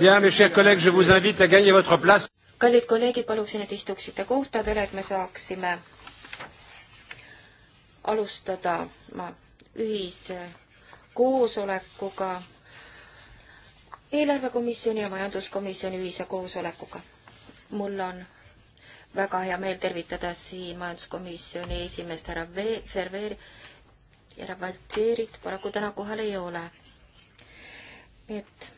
Bien, mes chers collègues, je vous invite à gagner votre place. kallid kolleegid, paluksin, et istuksite kohtadele, et me saaksime alustada ma ühiskoosolekuga, eelarvekomisjoni ja majanduskomisjoni ühise koosolekuga. mul on väga hea meel tervitada siin majanduskomisjoni esimeest härra Ferveri ja Ravaltseerit paraku täna kohal ei ole. nii et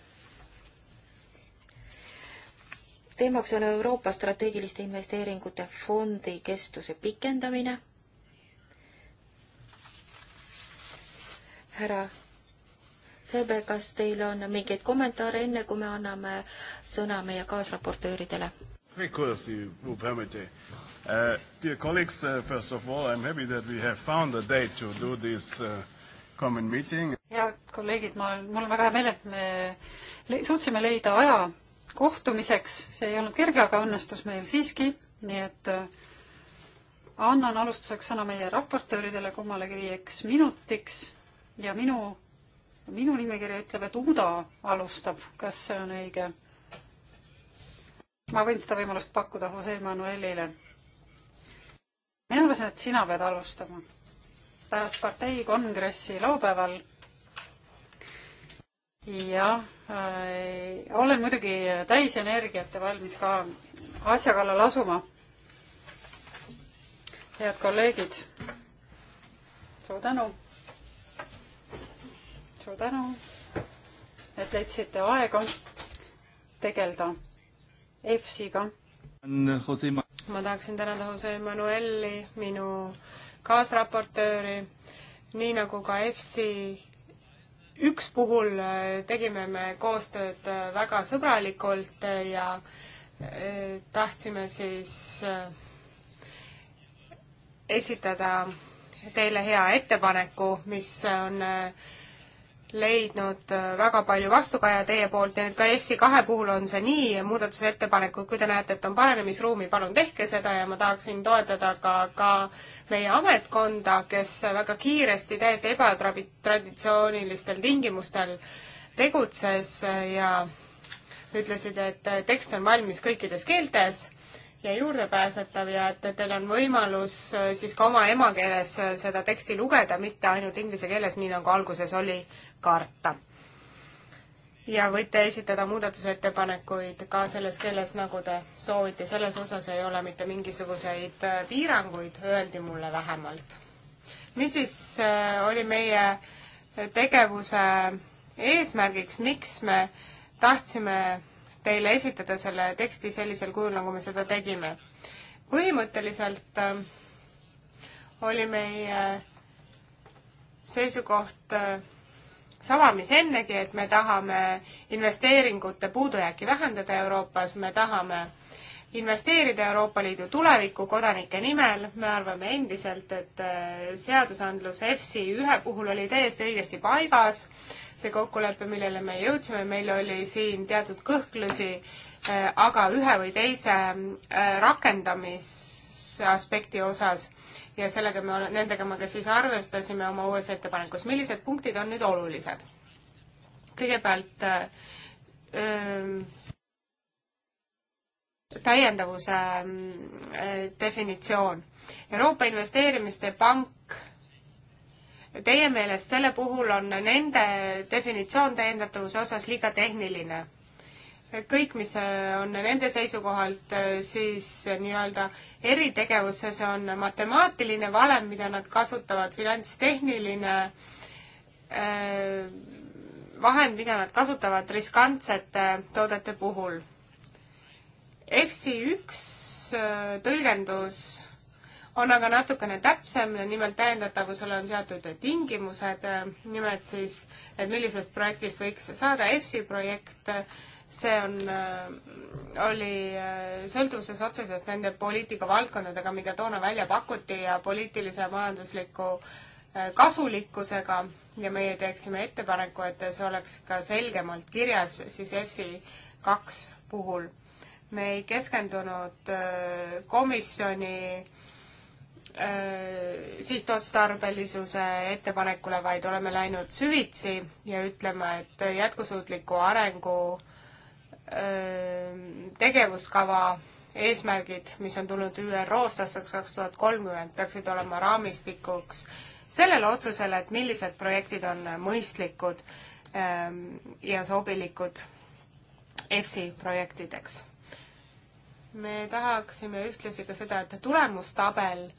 teemaks on Euroopa strateegiliste investeeringute fondi kestuse pikendamine. härra Feber, kas teil on mingeid kommentaare, enne kui me anname sõna meie kaasraportööridele? Uh, dear colleagues, uh, first of all, I'm happy that we have found a date to do this uh, common meeting. head kolleegid, ma olen, mul on väga hea meel, et me le suutsime leida aja kohtumiseks, see ei olnud kerge, aga õnnestus meil siiski, nii et äh, annan alustuseks sõna meie raportööridele kummalegi viieks minutiks ja minu, minu nimekiri ütleb, et Uda alustab, kas see on õige? ma võin seda võimalust pakkuda Jose Manuelile mina arvasin, et sina pead alustama. pärast partei kongressi laupäeval. jah äh,, olen muidugi täis energiat ja valmis ka asja kallal asuma. head kolleegid, suur tänu. suur tänu, et leidsite aega tegeleda EFSiga. on Jose Ma- ma tahaksin tänada Jose Manueli, minu kaasraportööri, nii nagu ka EFSi üks puhul äh, tegime me koostööd äh, väga sõbralikult äh, ja tahtsime siis esitada teile hea ettepaneku, mis on äh, leidnud äh, väga palju vastukaja teie poolt ja nüüd ka EFSI kahe puhul on see nii, muudatusettepanekud, kui te näete, et on paranemisruumi, palun tehke seda ja ma tahaksin toetada ka, ka meie ametkonda, kes väga kiiresti, täiesti ebatraditsioonilistel tingimustel tegutses äh, ja ütlesid, et äh, tekst on valmis kõikides keeltes ja juurdepääsetav ja et teil on võimalus äh, siis ka oma emakeeles äh, seda teksti lugeda, mitte ainult inglise keeles, nii nagu alguses oli karta. ja võite esitada muudatusettepanekuid ka selles keeles, nagu te soovite, selles osas ei ole mitte mingisuguseid äh, piiranguid, öeldi mulle vähemalt. mis siis oli meie tegevuse eesmärgiks, miks me tahtsime teile esitada selle teksti sellisel kujul, nagu me seda tegime. põhimõtteliselt äh, oli meie äh, seisukoht äh, sama, mis ennegi, et me tahame investeeringute puudujääki vähendada Euroopas, me tahame investeerida Euroopa Liidu tuleviku kodanike nimel, me arvame endiselt, et seadusandlus EFSI ühe puhul oli täiesti õigesti paigas, see kokkulepe, millele me jõudsime, meil oli siin teatud kõhklusi, äh, aga ühe või teise äh, rakendamisaspekti osas ja sellega me, nendega me ka siis arvestasime oma uues ettepanekus. millised punktid on nüüd olulised? kõigepealt öö, äh, täiendavuse öö, definitsioon. Euroopa Investeerimispank teie meelest selle puhul on nende definitsioon täiendatavuse osas liiga tehniline? kõik, mis äh, on nende seisukohalt äh, siis äh, nii-öelda eritegevusse, see on matemaatiline valem, mida nad kasutavad, finantstehniline vahend, mida nad kasutavad riskantsete toodete puhul. EFSI üks tõlgendus on aga natukene täpsem, nimelt täiendatavusele on seatud tingimused, nimelt siis, et millisest projektist võiks saada EFSI projekt, see on, oli sõltuvuses otseselt nende poliitikavaldkondadega, mida toona välja pakuti ja poliitilise ja majandusliku eh, kasulikkusega ja meie teeksime ettepaneku, et see oleks ka selgemalt kirjas siis EFSI kaks puhul. me ei keskendunud eh, komisjoni äh, Äh, sihtotstarbelisuse ettepanekule, vaid oleme läinud süvitsi ja ütleme, et jätkusuutliku arengu äh, tegevuskava eesmärgid, mis on tulnud ÜRO-st aastaks kaks tuhat kolmkümmend, peaksid olema raamistikuks sellele otsusele, et millised projektid on mõistlikud ähm, ja sobilikud EFSI projektideks. me tahaksime ühtlasi ka seda, et tulemustabel äh,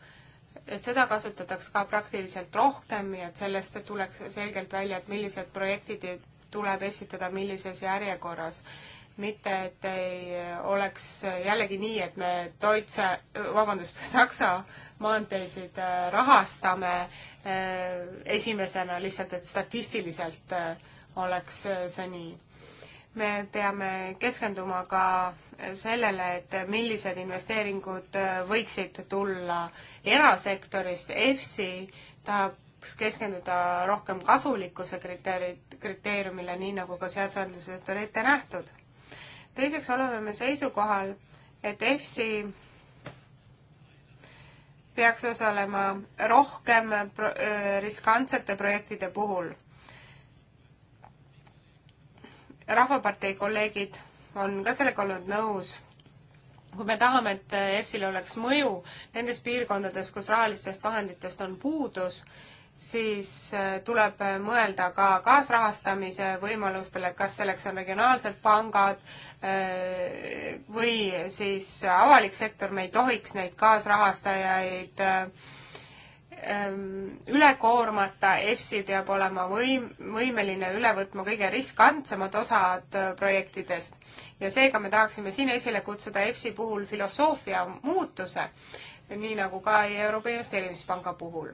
et seda kasutatakse ka praktiliselt rohkem ja et sellest tuleks selgelt välja, et millised projektid tuleb esitada millises järjekorras. mitte, et ei oleks jällegi nii, et me Deutsche, vabandust, Saksa maanteesid äh, rahastame äh, esimesena lihtsalt, et statistiliselt äh, oleks see nii me peame keskenduma ka sellele, et millised investeeringud võiksid tulla erasektorist, EFSI tahaks keskenduda rohkem kasulikkuse kriteeriumid, kriteeriumile, nii nagu ka seadusandluses on ette nähtud. teiseks oleme me seisukohal, et EFSI peaks osalema rohkem pro riskantsete projektide puhul rahvapartei kolleegid on ka sellega olnud nõus. kui me tahame, et EFSil oleks mõju nendes piirkondades, kus rahalistest vahenditest on puudus, siis äh, tuleb mõelda ka kaasrahastamise võimalustele, kas selleks on regionaalsed pangad äh, või siis avalik sektor, me ei tohiks neid kaasrahastajaid äh, Ehm, üle koormata, EFSI peab olema võim, võimeline üle võtma kõige riskantsemad osad äh, projektidest. ja seega me tahaksime siin esile kutsuda EFSI puhul filosoofia muutuse, nii nagu ka Euroopa Investeerimispanga puhul.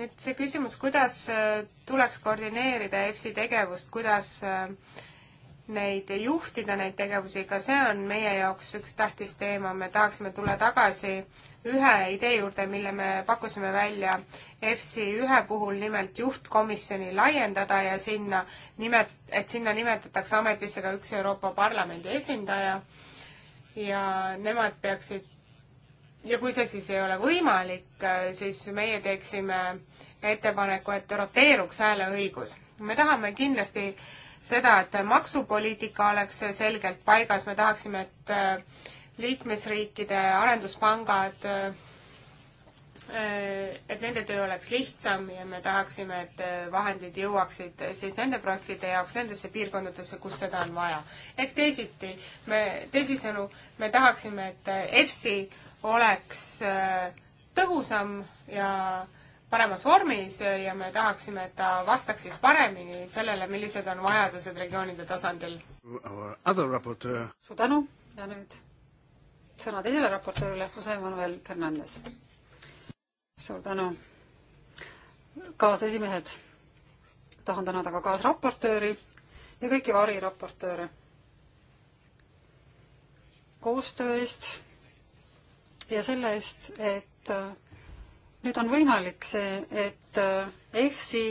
nüüd see küsimus, kuidas äh, tuleks koordineerida EFSI tegevust, kuidas äh, neid juhtida, neid tegevusi, ka see on meie jaoks üks tähtis teema, me tahaksime tulla tagasi ühe idee juurde, mille me pakkusime välja EFSI ühe puhul, nimelt juhtkomisjoni laiendada ja sinna nimet-, et sinna nimetatakse ametisse ka üks Euroopa Parlamendi esindaja ja nemad peaksid ja kui see siis ei ole võimalik, siis meie teeksime ettepaneku, et roteeruks hääleõigus. me tahame kindlasti äh, seda, et maksupoliitika oleks selgelt paigas, me tahaksime, et äh, liikmesriikide arenduspangad, äh, äh, et nende töö oleks lihtsam ja me tahaksime, et vahendid jõuaksid siis nende projektide jaoks nendesse piirkondadesse, kus seda on vaja. ehk teisiti, me, teisisõnu, me tahaksime, et EFSI oleks tõhusam ja paremas vormis ja me tahaksime, et ta vastaks siis paremini sellele, millised on vajadused regioonide tasandil. suur tänu ja nüüd sõna teisele raportöörile, Jose Manuel Fernandez. suur tänu. kaasesimehed, tahan tänada ka kaasraportööri ja kõiki variraportööre koostöö eest ja selle eest, et nüüd on võimalik see, et äh, EFSI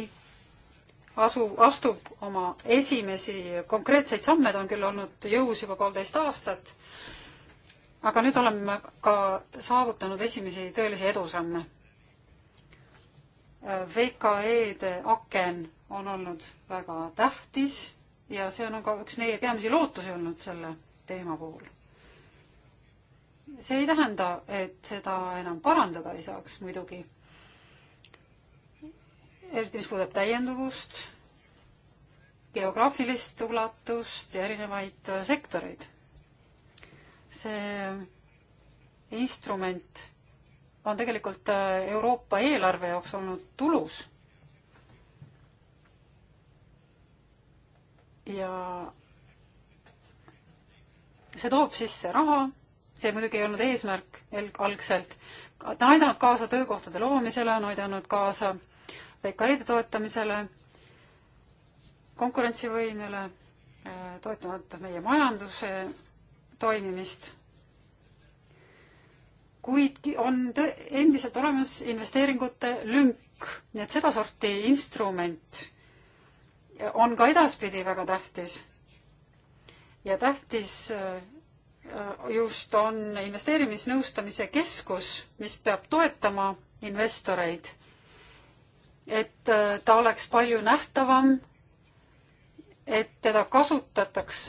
asu, astub oma esimesi konkreetseid samme, ta on küll olnud jõus juba poolteist aastat, aga nüüd oleme ka saavutanud esimesi tõelisi edusamme. Äh, VKE-de aken on olnud väga tähtis ja see on ka üks meie peamisi lootusi olnud selle teema puhul see ei tähenda, et seda enam parandada ei saaks muidugi. eriti, mis puudutab täienduvust, geograafilist ulatust ja erinevaid äh, sektoreid. see instrument on tegelikult äh, Euroopa eelarve jaoks olnud tulus. ja see toob sisse raha see muidugi ei olnud eesmärk algselt. ta on aidanud kaasa töökohtade loomisele, on aidanud kaasa VKE-de toetamisele, konkurentsivõimele, äh, toetanud meie majanduse toimimist kuid on endiselt olemas investeeringute lünk, nii et sedasorti instrument on ka edaspidi väga tähtis. ja tähtis äh, Äh, just on investeerimisnõustamise keskus, mis peab toetama investoreid, et äh, ta oleks palju nähtavam, et teda kasutataks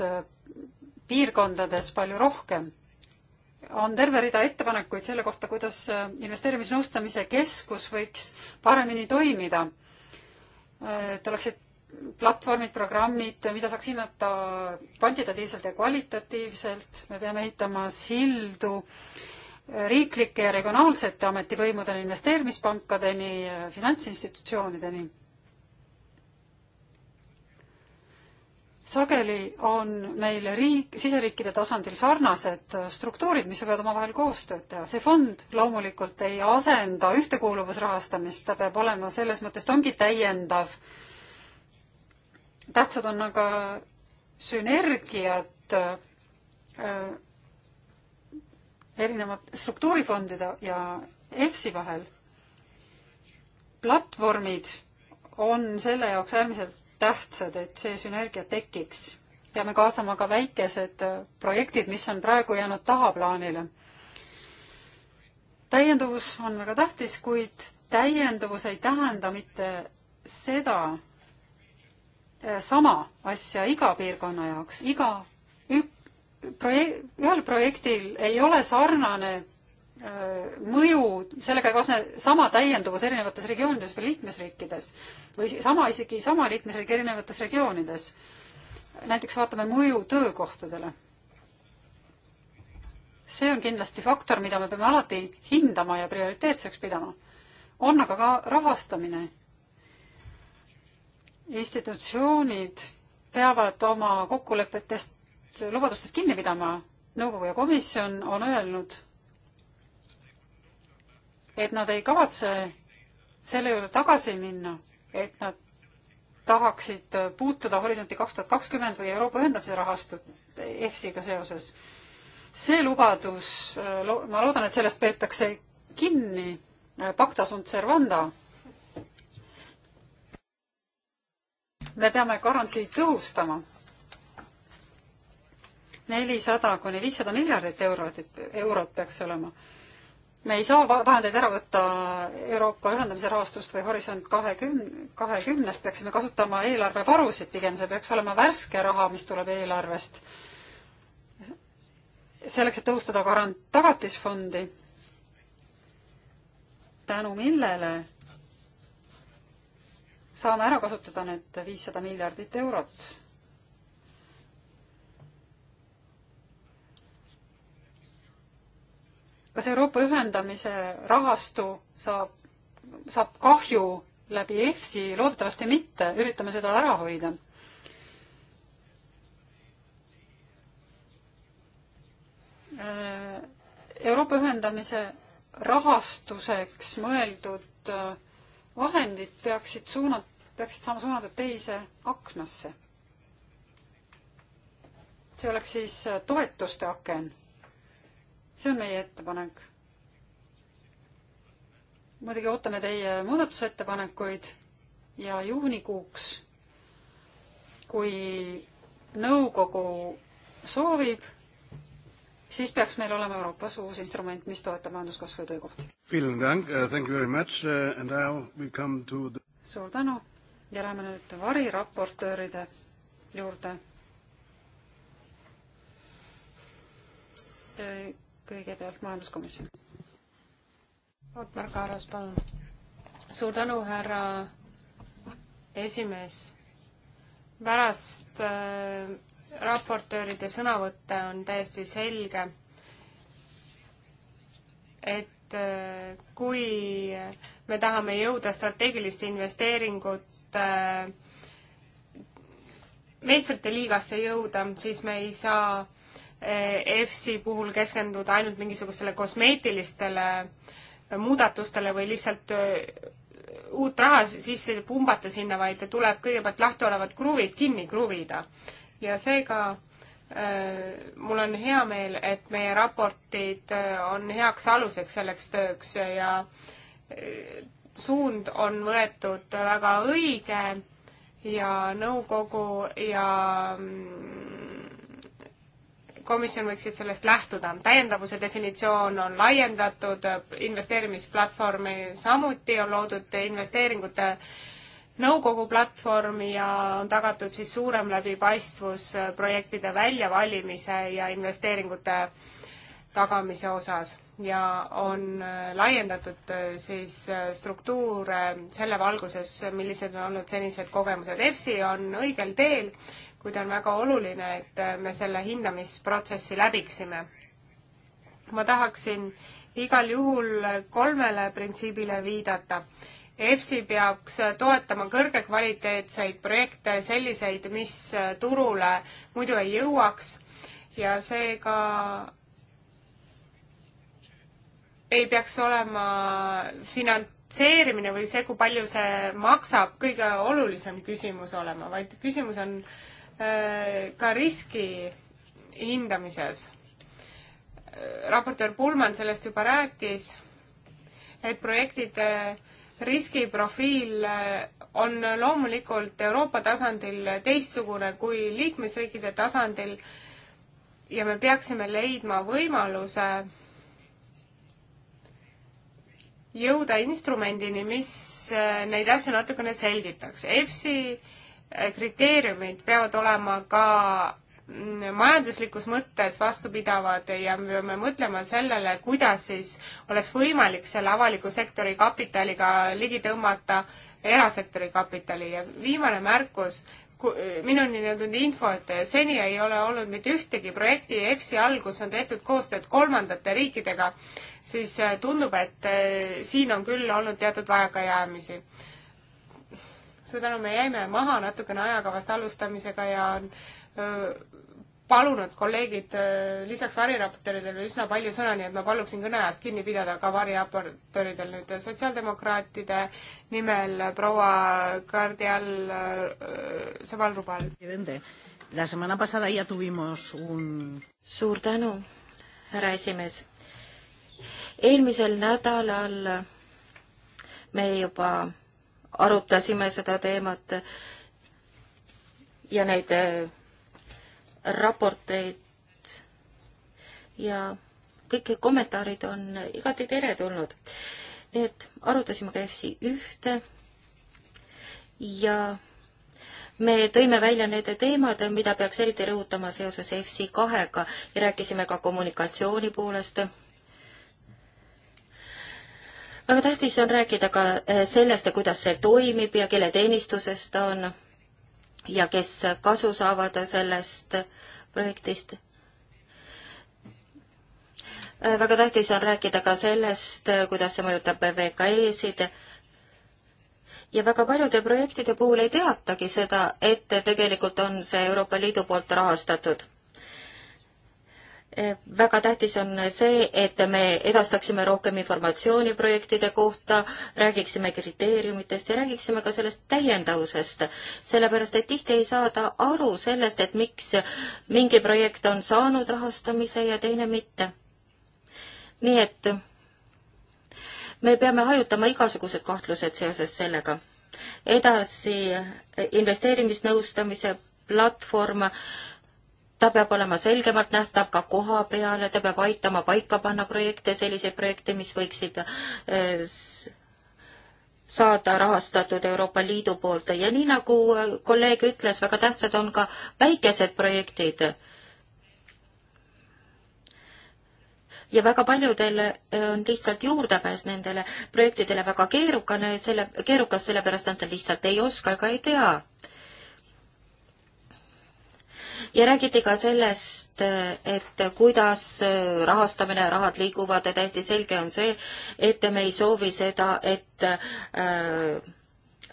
piirkondades palju rohkem. on terve rida ettepanekuid selle kohta, kuidas äh, investeerimisnõustamise keskus võiks paremini toimida. et oleksid platvormid, programmid, mida saaks hinnata kvantitatiivselt ja kvalitatiivselt, me peame ehitama sildu riiklike ja regionaalsete ametivõimudeni, investeerimispankadeni, finantsinstitutsioonideni. sageli on meil riik, siseriikide tasandil sarnased struktuurid, mis võivad omavahel koostööd teha. see fond loomulikult ei asenda ühtekuuluvusrahastamist, ta peab olema selles mõttes, ta ongi täiendav äh, tähtsad on aga sünergiad äh, erinevate struktuurifondide ja EFSI vahel. platvormid on selle jaoks äärmiselt tähtsad, et see sünergia tekiks. peame kaasama ka väikesed äh, projektid, mis on praegu jäänud tahaplaanile. täienduvus on väga tähtis, kuid täienduvus ei tähenda mitte seda, Äh, sama asja iga piirkonna jaoks, iga ük-, projek-, ühel projektil ei ole sarnane äh, mõju, sellega ei kaasne sama täienduvus erinevates regioonides või liikmesriikides või sama, isegi sama liikmesriik erinevates regioonides. näiteks vaatame mõju töökohtadele. see on kindlasti faktor, mida me peame alati hindama ja prioriteetseks pidama. on aga ka rahastamine institutsioonid peavad oma kokkulepetest, lubadustest kinni pidama. nõukogu ja komisjon on öelnud, et nad ei kavatse selle juurde tagasi minna, et nad tahaksid puutuda Horisonti kaks tuhat kakskümmend või Euroopa ühendamise rahastut EFSiga seoses. see lubadus, ma loodan, et sellest peetakse kinni, eh, pacta sunt servanda me peame garantiid tõhustama. nelisada kuni viissada miljardit eurot, eurot peaks olema. me ei saa vahendeid ära võtta Euroopa ühendamise rahastust või Horisont kahekümne, kahekümnest, peaksime kasutama eelarvevarusid pigem, see peaks olema värske raha, mis tuleb eelarvest. selleks, et tõhustada garant-, tagatisfondi, tänu millele saame ära kasutada need viissada miljardit eurot. kas Euroopa ühendamise rahastu saab, saab kahju läbi EFSI, loodetavasti mitte, üritame seda ära hoida äh, Euroopa ühendamise rahastuseks mõeldud äh, vahendid peaksid suunat-, peaksid saama suunatud teise aknasse. see oleks siis äh, toetuste aken. see on meie ettepanek. muidugi ootame teie muudatusettepanekuid ja juunikuuks, kui nõukogu soovib siis peaks meil olema Euroopas uus instrument, mis toetab majanduskasvu ja töökohti. Äh, äh, suur tänu ja läheme nüüd variraportööride juurde. Äh, kõigepealt majanduskomisjon. Otmar Kaaras, palun. suur tänu, härra esimees. pärast äh, raportööride sõnavõtte on täiesti selge, et äh, kui me tahame jõuda strateegiliste investeeringute äh, meistrite liigasse jõuda, siis me ei saa äh, EFSi puhul keskenduda ainult mingisugustele kosmeetilistele muudatustele või lihtsalt uut raha sisse pumbata sinna, vaid tuleb kõigepealt lahti olevad kruvid kinni kruvida ja seega äh, mul on hea meel, et meie raportid äh, on heaks aluseks selleks tööks ja äh, suund on võetud väga õige ja nõukogu ja mm, komisjon võiksid sellest lähtuda. täiendavuse definitsioon on laiendatud, investeerimisplatvormi samuti on loodud investeeringute äh, nõukogu platvormi ja on tagatud siis suurem läbipaistvus äh, projektide väljavalimise ja investeeringute tagamise osas ja on äh, laiendatud äh, siis struktuure selle valguses, millised on olnud senised kogemused. EFSI on õigel teel, kuid on väga oluline, et me selle hindamisprotsessi läbiksime. ma tahaksin igal juhul kolmele printsiibile viidata. EFSI peaks toetama kõrgekvaliteetseid projekte, selliseid, mis turule muidu ei jõuaks ja seega ei peaks olema finantseerimine või see, kui palju see maksab, kõige olulisem küsimus olema, vaid küsimus on äh, ka riski hindamises. Äh, raportöör Pullmann sellest juba rääkis, et projektide riskiprofiil eh, on loomulikult Euroopa tasandil teistsugune kui liikmesriikide tasandil ja me peaksime leidma võimaluse jõuda instrumendini, mis eh, neid asju natukene selgitaks. EFSI eh, kriteeriumid peavad olema ka majanduslikus mõttes vastupidavad ja me peame mõtlema sellele, kuidas siis oleks võimalik selle avaliku sektori kapitaliga ligi tõmmata erasektori kapitali ja viimane märkus, minuni jõudnud info, et seni ei ole olnud mitte ühtegi projekti EFSI all, kus on tehtud koostööd kolmandate riikidega, siis äh, tundub, et äh, siin on küll olnud teatud vajakajäämisi. suur tänu, me jäime maha natukene ajakavast alustamisega ja on palunud kolleegid äh, lisaks variraportööridele üsna palju sõna, nii et ma paluksin kõneajast kinni pidada ka variraportööridel nüüd äh, sotsiaaldemokraatide nimel äh, proua Kardial Saval-Rubal. suur tänu, härra esimees. eelmisel nädalal me juba arutasime seda teemat ja neid raporteid ja kõik kommentaarid on igati teretulnud. nii et arutasime ka FC ühte ja me tõime välja need teemad, mida peaks eriti rõhutama seoses FC kahega ja rääkisime ka kommunikatsiooni poolest. väga tähtis on rääkida ka eh, sellest, kuidas see toimib ja kelle teenistuses ta on ja kes kasu saavad sellest projektist. väga tähtis on rääkida ka sellest, kuidas see mõjutab VKE-sid ja väga paljude projektide puhul ei teatagi seda, et tegelikult on see Euroopa Liidu poolt rahastatud väga tähtis on see, et me edastaksime rohkem informatsiooni projektide kohta, räägiksime kriteeriumitest ja räägiksime ka sellest täiendavusest. sellepärast, et tihti ei saada aru sellest, et miks mingi projekt on saanud rahastamise ja teine mitte. nii et me peame hajutama igasugused kahtlused seoses sellega. edasi investeerimisnõustamise platvorm ta peab olema selgemalt nähtav ka koha peal ja ta peab aitama paika panna projekte, selliseid projekte, mis võiksid eh, saada rahastatud Euroopa Liidu poolt ja nii nagu eh, kolleeg ütles, väga tähtsad on ka väikesed projektid. ja väga paljudel eh, on lihtsalt juurdepääs nendele projektidele väga keerukane, selle, keerukas, sellepärast nad lihtsalt ei oska ega ei tea ja räägiti ka sellest, et kuidas rahastamine, rahad liiguvad ja täiesti selge on see, et me ei soovi seda, et äh,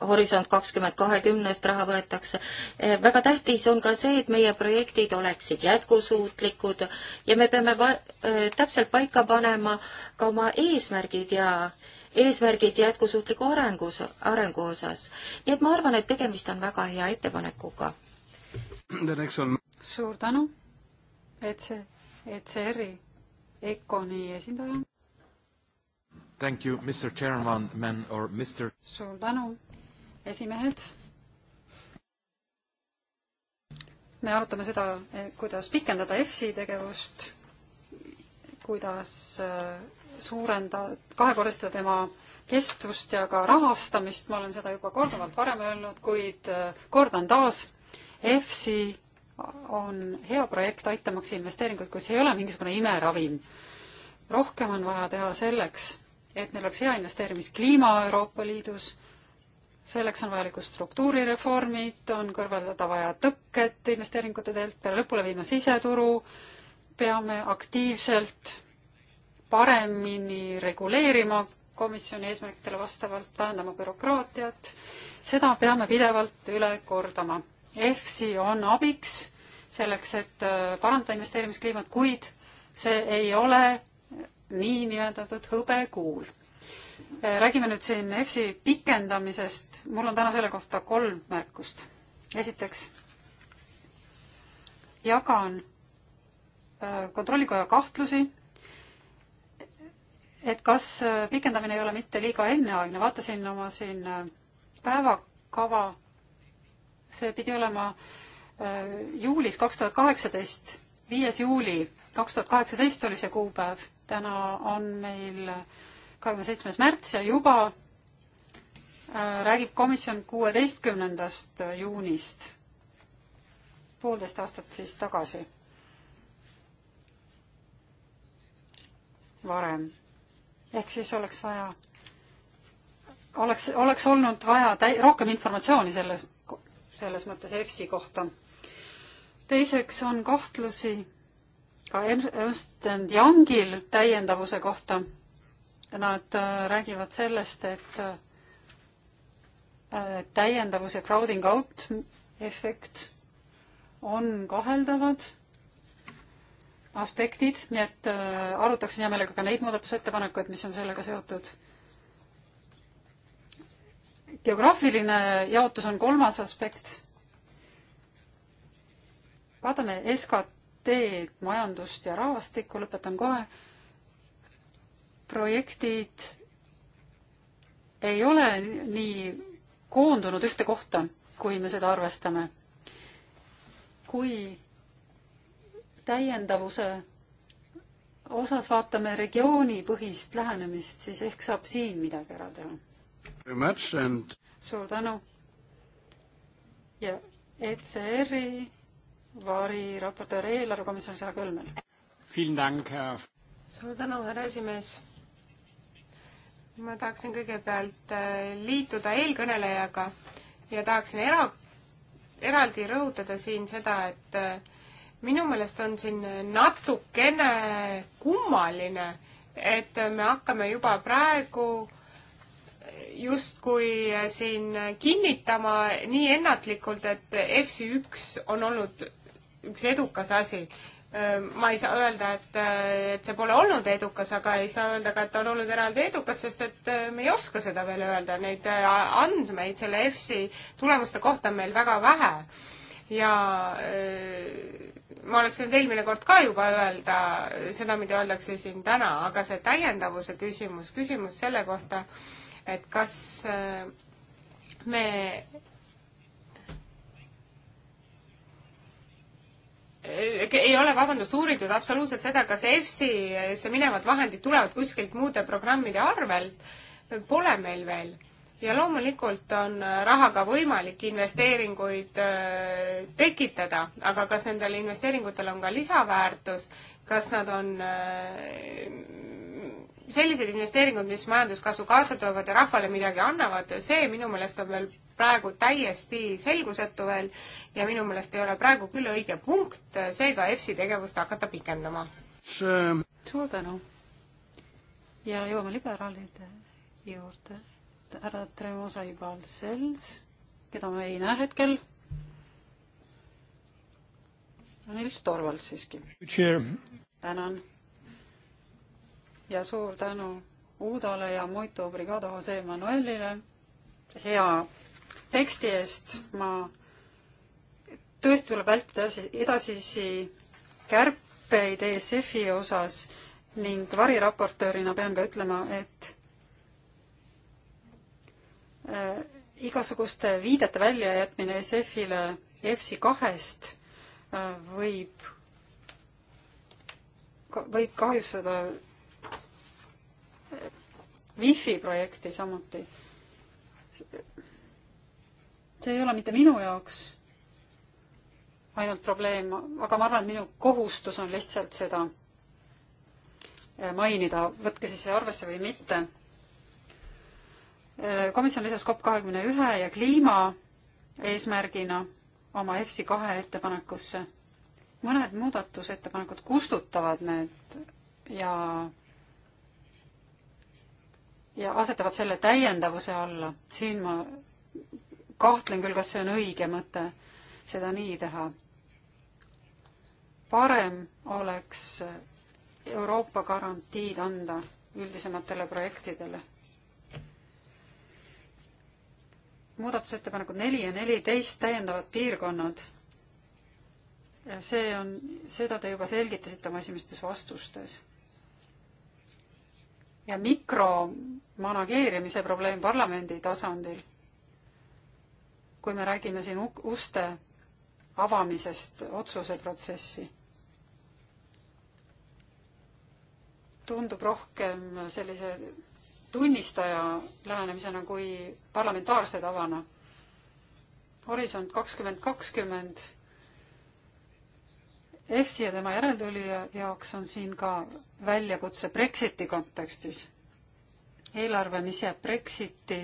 Horisont kakskümmend kahekümnest raha võetakse. Äh, väga tähtis on ka see, et meie projektid oleksid jätkusuutlikud ja me peame va-, äh, täpselt paika panema ka oma eesmärgid ja eesmärgid jätkusuutliku arengus, arengu osas. nii et ma arvan, et tegemist on väga hea ettepanekuga suur tänu, et see, et see ERR-i EKONi esindaja. Thank you, Mr Chairman, man or Mr. suur tänu, esimehed. me arutame seda, kuidas pikendada EFSI tegevust, kuidas äh, suurendada, kahekordseda tema kestvust ja ka rahastamist, ma olen seda juba korduvalt varem öelnud, kuid äh, kordan taas, EFSI on hea projekt aitamaks investeeringuid, kuid see ei ole mingisugune imeravim. rohkem on vaja teha selleks, et meil oleks hea investeerimiskliima Euroopa Liidus, selleks on vajalikud struktuurireformid, on kõrvaldada vaja tõkked investeeringute teelt, peale lõpule viima siseturu, peame aktiivselt paremini reguleerima komisjoni eesmärkidele vastavalt, vähendama bürokraatiat, seda peame pidevalt üle kordama EFSI on abiks selleks, et äh, parandada investeerimiskliimat, kuid see ei ole niinimetatud hõbekuul. Äh, räägime nüüd siin EFSI pikendamisest, mul on täna selle kohta kolm märkust. esiteks jagan äh, kontrollikoja kahtlusi, et kas pikendamine ei ole mitte liiga enneaegne, vaatasin oma siin päevakava see pidi olema äh, juulis kaks tuhat kaheksateist, viies juuli kaks tuhat kaheksateist oli see kuupäev. täna on meil kahekümne seitsmes märts ja juba äh, räägib komisjon kuueteistkümnendast juunist, poolteist aastat siis tagasi. varem. ehk siis oleks vaja oleks, oleks olnud vaja täi-, rohkem informatsiooni selles selles mõttes EFSi kohta. teiseks on kahtlusi ka Ernst Youngil täiendavuse kohta. Nad äh, räägivad sellest, et äh, täiendavus ja crowding out efekt on kaheldavad aspektid, nii et äh, arutaksin hea meelega ka neid muudatusettepanekuid, mis on sellega seotud geograafiline jaotus on kolmas aspekt. vaatame SKT-d, majandust ja rahvastikku, lõpetan kohe. projektid ei ole nii koondunud ühte kohta, kui me seda arvestame. kui täiendavuse osas vaatame regioonipõhist lähenemist, siis ehk saab siin midagi ära teha And... suur tänu. ja ECR-i variraportöör eelarvekomisjonis härra Kölmel. suur tänu, härra esimees. ma tahaksin kõigepealt äh, liituda eelkõnelejaga ja tahaksin era-, eraldi rõhutada siin seda, et äh, minu meelest on siin natukene kummaline, et me hakkame juba praegu äh, justkui siin kinnitama nii ennatlikult, et EFSI üks on olnud üks edukas asi. ma ei saa öelda, et, et see pole olnud edukas, aga ei saa öelda ka, et ta on olnud eraldi edukas, sest et me ei oska seda veel öelda, neid andmeid selle EFSI tulemuste kohta on meil väga vähe. ja ma oleks võinud eelmine kord ka juba öelda seda, mida öeldakse siin täna, aga see täiendavuse küsimus, küsimus selle kohta, et kas äh, me äh, ei ole, vabandust, uuritud absoluutselt seda, kas EFSI-sse minevad vahendid tulevad kuskilt muude programmide arvelt, pole meil veel. ja loomulikult on rahaga võimalik investeeringuid äh, tekitada, aga kas nendel investeeringutel on ka lisaväärtus, kas nad on sellised investeeringud, mis majanduskasvu kaasa toovad ja rahvale midagi annavad, see minu meelest on veel praegu täiesti selgusetu veel ja minu meelest ei ole praegu küll õige punkt seega EFSi tegevust hakata pikendama. suur tänu. ja jõuame liberaalide juurde. härra Tremosa Ibalsels, keda me ei näe hetkel. Nils Torvalds siiski. tänan ja suur tänu Uudole ja Muito Brigado Jose Manuelile hea teksti eest. ma, tõesti tuleb vältida edasisi kärpeid ESF-i osas ning variraportöörina pean ka ütlema, et äh, igasuguste viidete väljajätmine ESF-ile EFSI kahest äh, võib, võib kahjustada Wi-Fi projekti samuti. see ei ole mitte minu jaoks ainult probleem, aga ma arvan, et minu kohustus on lihtsalt seda mainida, võtke siis see arvesse või mitte. komisjon lisas COP kahekümne ühe ja kliima eesmärgina oma EFSI kahe ettepanekusse. mõned muudatusettepanekud kustutavad need ja ja asetavad selle täiendavuse alla. siin ma kahtlen küll, kas see on õige mõte, seda nii teha. parem oleks Euroopa garantiid anda üldisematele projektidele. muudatusettepanekud neli ja neliteist täiendavad piirkonnad. see on, seda te juba selgitasite oma esimestes vastustes ja mikromanageerimise probleem parlamendi tasandil. kui me räägime siin uste avamisest otsuseprotsessi, tundub rohkem sellise tunnistaja lähenemisena kui parlamentaarse tavana. Horisont kakskümmend kakskümmend EFSI ja tema järeltulija jaoks on siin ka väljakutse Brexiti kontekstis. eelarve, mis jääb Brexiti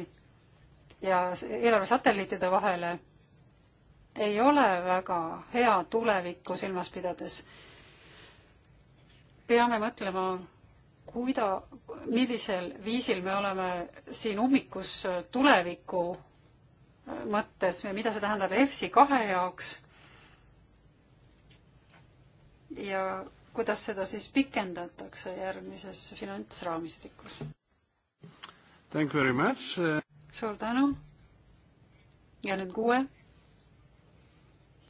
ja eelarve satelliitide vahele, ei ole väga hea tulevikku silmas pidades. peame mõtlema, kuida-, millisel viisil me oleme siin ummikus tuleviku mõttes ja mida see tähendab EFSI kahe jaoks ja kuidas seda siis pikendatakse järgmises finantsraamistikus? Thank you very much. suur tänu. ja nüüd kuue.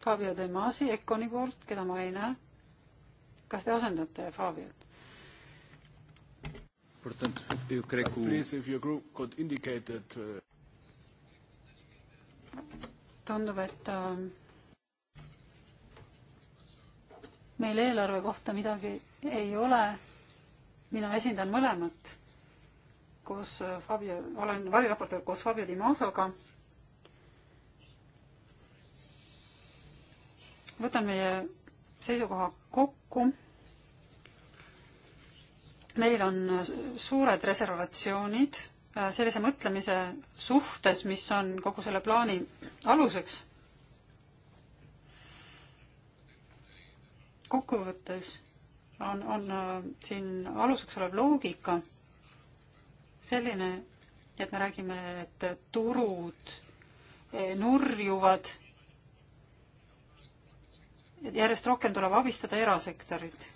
Fabio De Masi Econi poolt, keda ma ei näe. kas te asendate Fabiot? Portanto, eu creio que... Please, if your group could indicate that... Uh, Tundub, et äh, meil eelarve kohta midagi ei ole. mina esindan mõlemat koos äh, Fabio, olen variraportöör koos Fabio Dimasoga. võtan meie seisukoha kokku. meil on suured reservatsioonid äh, sellise mõtlemise suhtes, mis on kogu selle plaani aluseks kokkuvõttes on, on äh, siin aluseks olev loogika selline, et me räägime, et turud äh, nurjuvad, et järjest rohkem tuleb abistada erasektorit.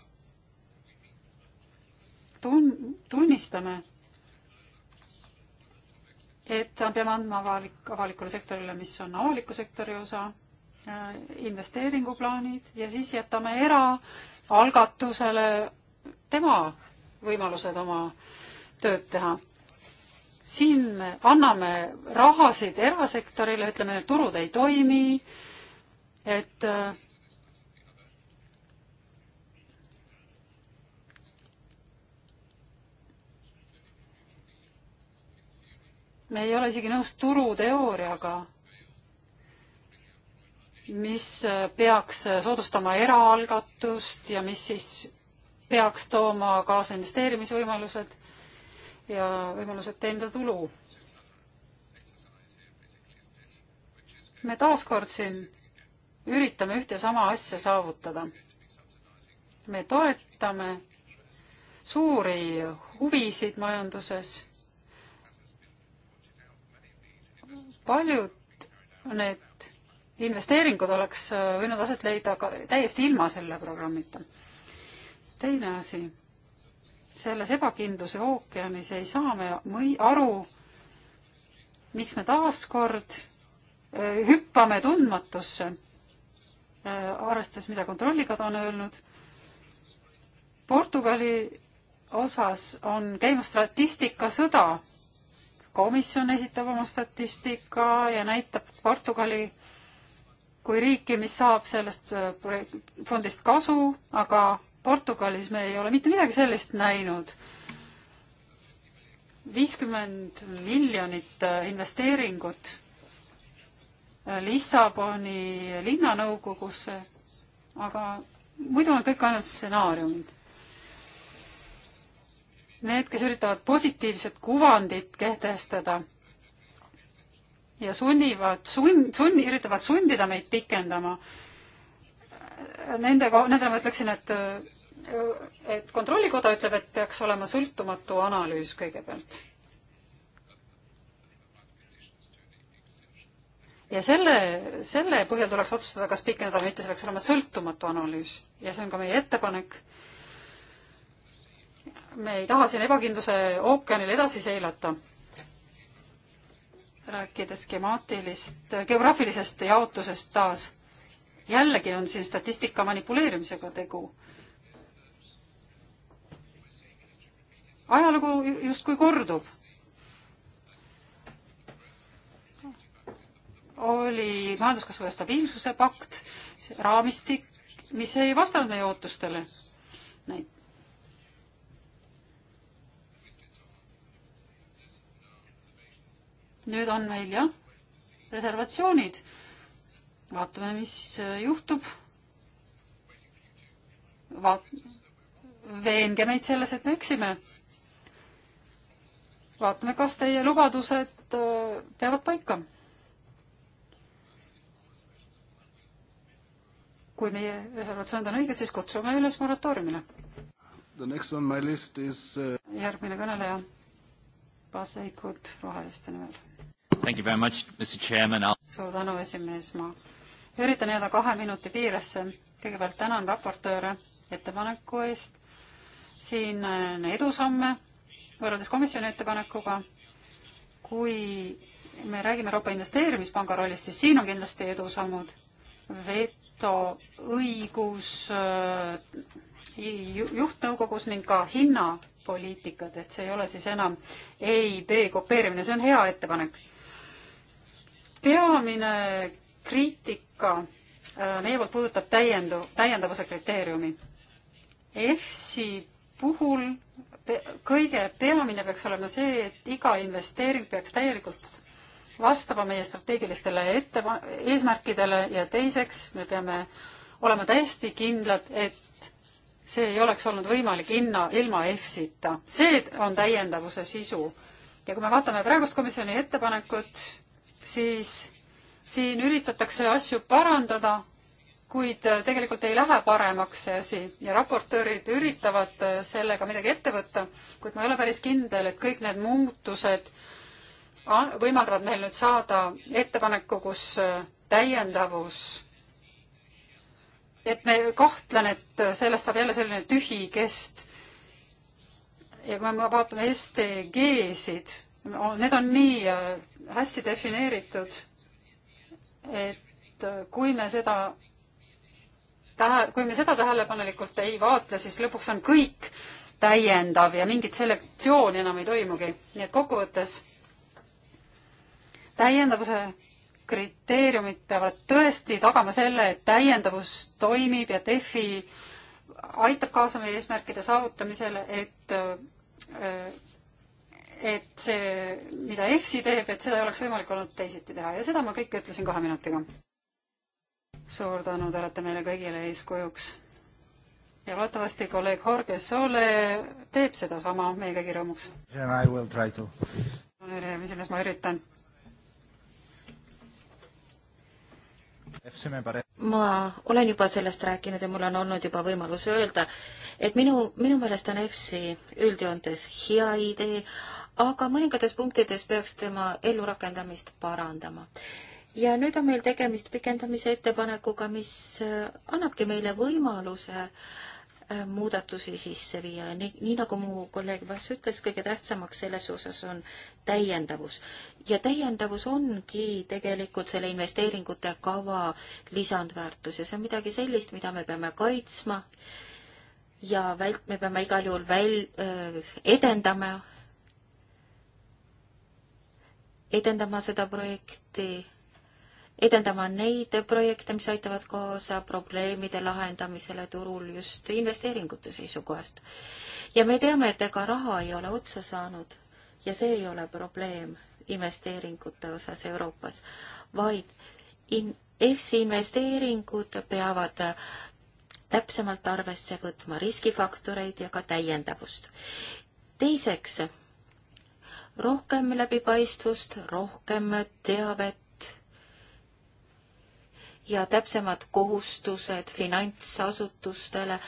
Tun-, tunnistame, et peame andma avalik, avalikule sektorile, mis on avaliku sektori osa Äh, investeeringuplaanid ja siis jätame eraalgatusele tema võimalused oma tööd teha. siin me anname rahasid erasektorile, ütleme, et turud ei toimi, et äh, me ei ole isegi nõus turuteooriaga mis äh, peaks äh, soodustama eraalgatust ja mis siis peaks tooma kaasa investeerimisvõimalused ja võimalused teenida tulu. me taaskord siin üritame ühte ja sama asja saavutada. me toetame suuri huvisid majanduses. paljud need investeeringud oleks äh, võinud aset leida ka täiesti ilma selle programmita. teine asi, selles ebakindluse ookeanis ei saa me mõi-, aru, miks me taaskord äh, hüppame tundmatusse, äh, arvestades, mida Kontrollikad on öelnud. Portugali osas on käimas statistikasõda. komisjon esitab oma statistika ja näitab Portugali kui riiki, mis saab sellest äh, fondist kasu, aga Portugalis me ei ole mitte midagi sellist näinud. viiskümmend miljonit äh, investeeringut äh, Lissaboni linnanõukogusse, aga muidu on kõik ainult stsenaariumid. Need, kes üritavad positiivset kuvandit kehtestada ja sunnivad, sund, sunni, üritavad sundida meid pikendama. Nende, nendele ma ütleksin, et et Kontrollikoda ütleb, et peaks olema sõltumatu analüüs kõigepealt. ja selle, selle põhjal tuleks otsustada, kas pikendada või mitte, see peaks olema sõltumatu analüüs ja see on ka meie ettepanek. me ei taha siin ebakindluse ookeanil edasi seilata rääkides gemaatilist, geograafilisest jaotusest taas, jällegi on siin statistika manipuleerimisega tegu. ajalugu justkui kordub. oli majanduskasvu ja stabiilsuse pakt, raamistik, mis ei vastanud meie ootustele. Neid nüüd on meil jah, reservatsioonid. vaatame, mis äh, juhtub. Vaat-, veenge meid selles, et me eksime. vaatame, kas teie lubadused äh, peavad paika. kui meie reservatsioonid on õiged, siis kutsume üles moratooriumile. Is... Äh, järgmine kõneleja, Bas Eikud Roheliste nimel Thank you very much, Mr Chairman. suur tänu, esimees, ma üritan jääda kahe minuti piiresse. kõigepealt tänan raportööre ettepaneku eest. siin on edusamme võrreldes komisjoni ettepanekuga. kui me räägime Euroopa Investeerimispanga rollist, siis siin on kindlasti edusammud. veto õigus äh, juhtnõukogus ning ka hinnapoliitikad, et see ei ole siis enam EIB kopeerimine, see on hea ettepanek peamine kriitika äh, meie poolt puudutab täiendu-, täiendavuse kriteeriumi. EFSi puhul pe kõige peamine peaks olema see, et iga investeering peaks täielikult vastama meie strateegilistele ette, eesmärkidele ja teiseks me peame olema täiesti kindlad, et see ei oleks olnud võimalik inna, ilma EFSita. see on täiendavuse sisu. ja kui me vaatame praegust komisjoni ettepanekut, siis siin üritatakse asju parandada, kuid äh, tegelikult ei lähe paremaks see asi ja raportöörid üritavad äh, sellega midagi ette võtta, kuid ma ei ole päris kindel, et kõik need muutused võimaldavad meil nüüd saada ettepaneku, kus äh, täiendavus, et me kahtlen, et sellest saab jälle selline tühi kest. ja kui me vaatame STG-sid need on nii äh, hästi defineeritud, et äh, kui me seda tähe, kui me seda tähelepanelikult ei vaatle, siis lõpuks on kõik täiendav ja mingit selektsiooni enam ei toimugi. nii et kokkuvõttes täiendavuse kriteeriumid peavad tõesti tagama selle, et täiendavus toimib ja DEFi aitab kaasa meie eesmärkide saavutamisele, et äh, et see, mida EFSI teeb, et seda ei oleks võimalik olnud teisiti teha ja seda ma kõike ütlesin kahe minutiga. suur tänu, te olete meile kõigile eeskujuks. ja loodetavasti kolleeg Jorge Soole teeb sedasama meie kõigi rõõmuks. esimees, ma üritan. ma olen juba sellest rääkinud ja mul on olnud juba võimalus öelda, et minu, minu meelest on EFSI üldjoontes hea idee, aga mõningates punktides peaks tema ellurakendamist parandama. ja nüüd on meil tegemist pikendamise ettepanekuga, mis äh, annabki meile võimaluse äh, muudatusi sisse viia ja nii, nii nagu mu kolleeg Vass ütles, kõige tähtsamaks selles osas on täiendavus. ja täiendavus ongi tegelikult selle investeeringute kava lisandväärtus ja see on midagi sellist, mida me peame kaitsma ja vält-, me peame igal juhul väl-, äh, edendama edendama seda projekti, edendama neid projekte, mis aitavad kaasa probleemide lahendamisele turul just investeeringute seisukohast. ja me teame, et ega raha ei ole otsa saanud ja see ei ole probleem investeeringute osas Euroopas, vaid in-, EFSI investeeringud peavad täpsemalt arvesse võtma riskifaktoreid ja ka täiendavust. teiseks rohkem läbipaistvust, rohkem teavet ja täpsemad kohustused finantsasutustele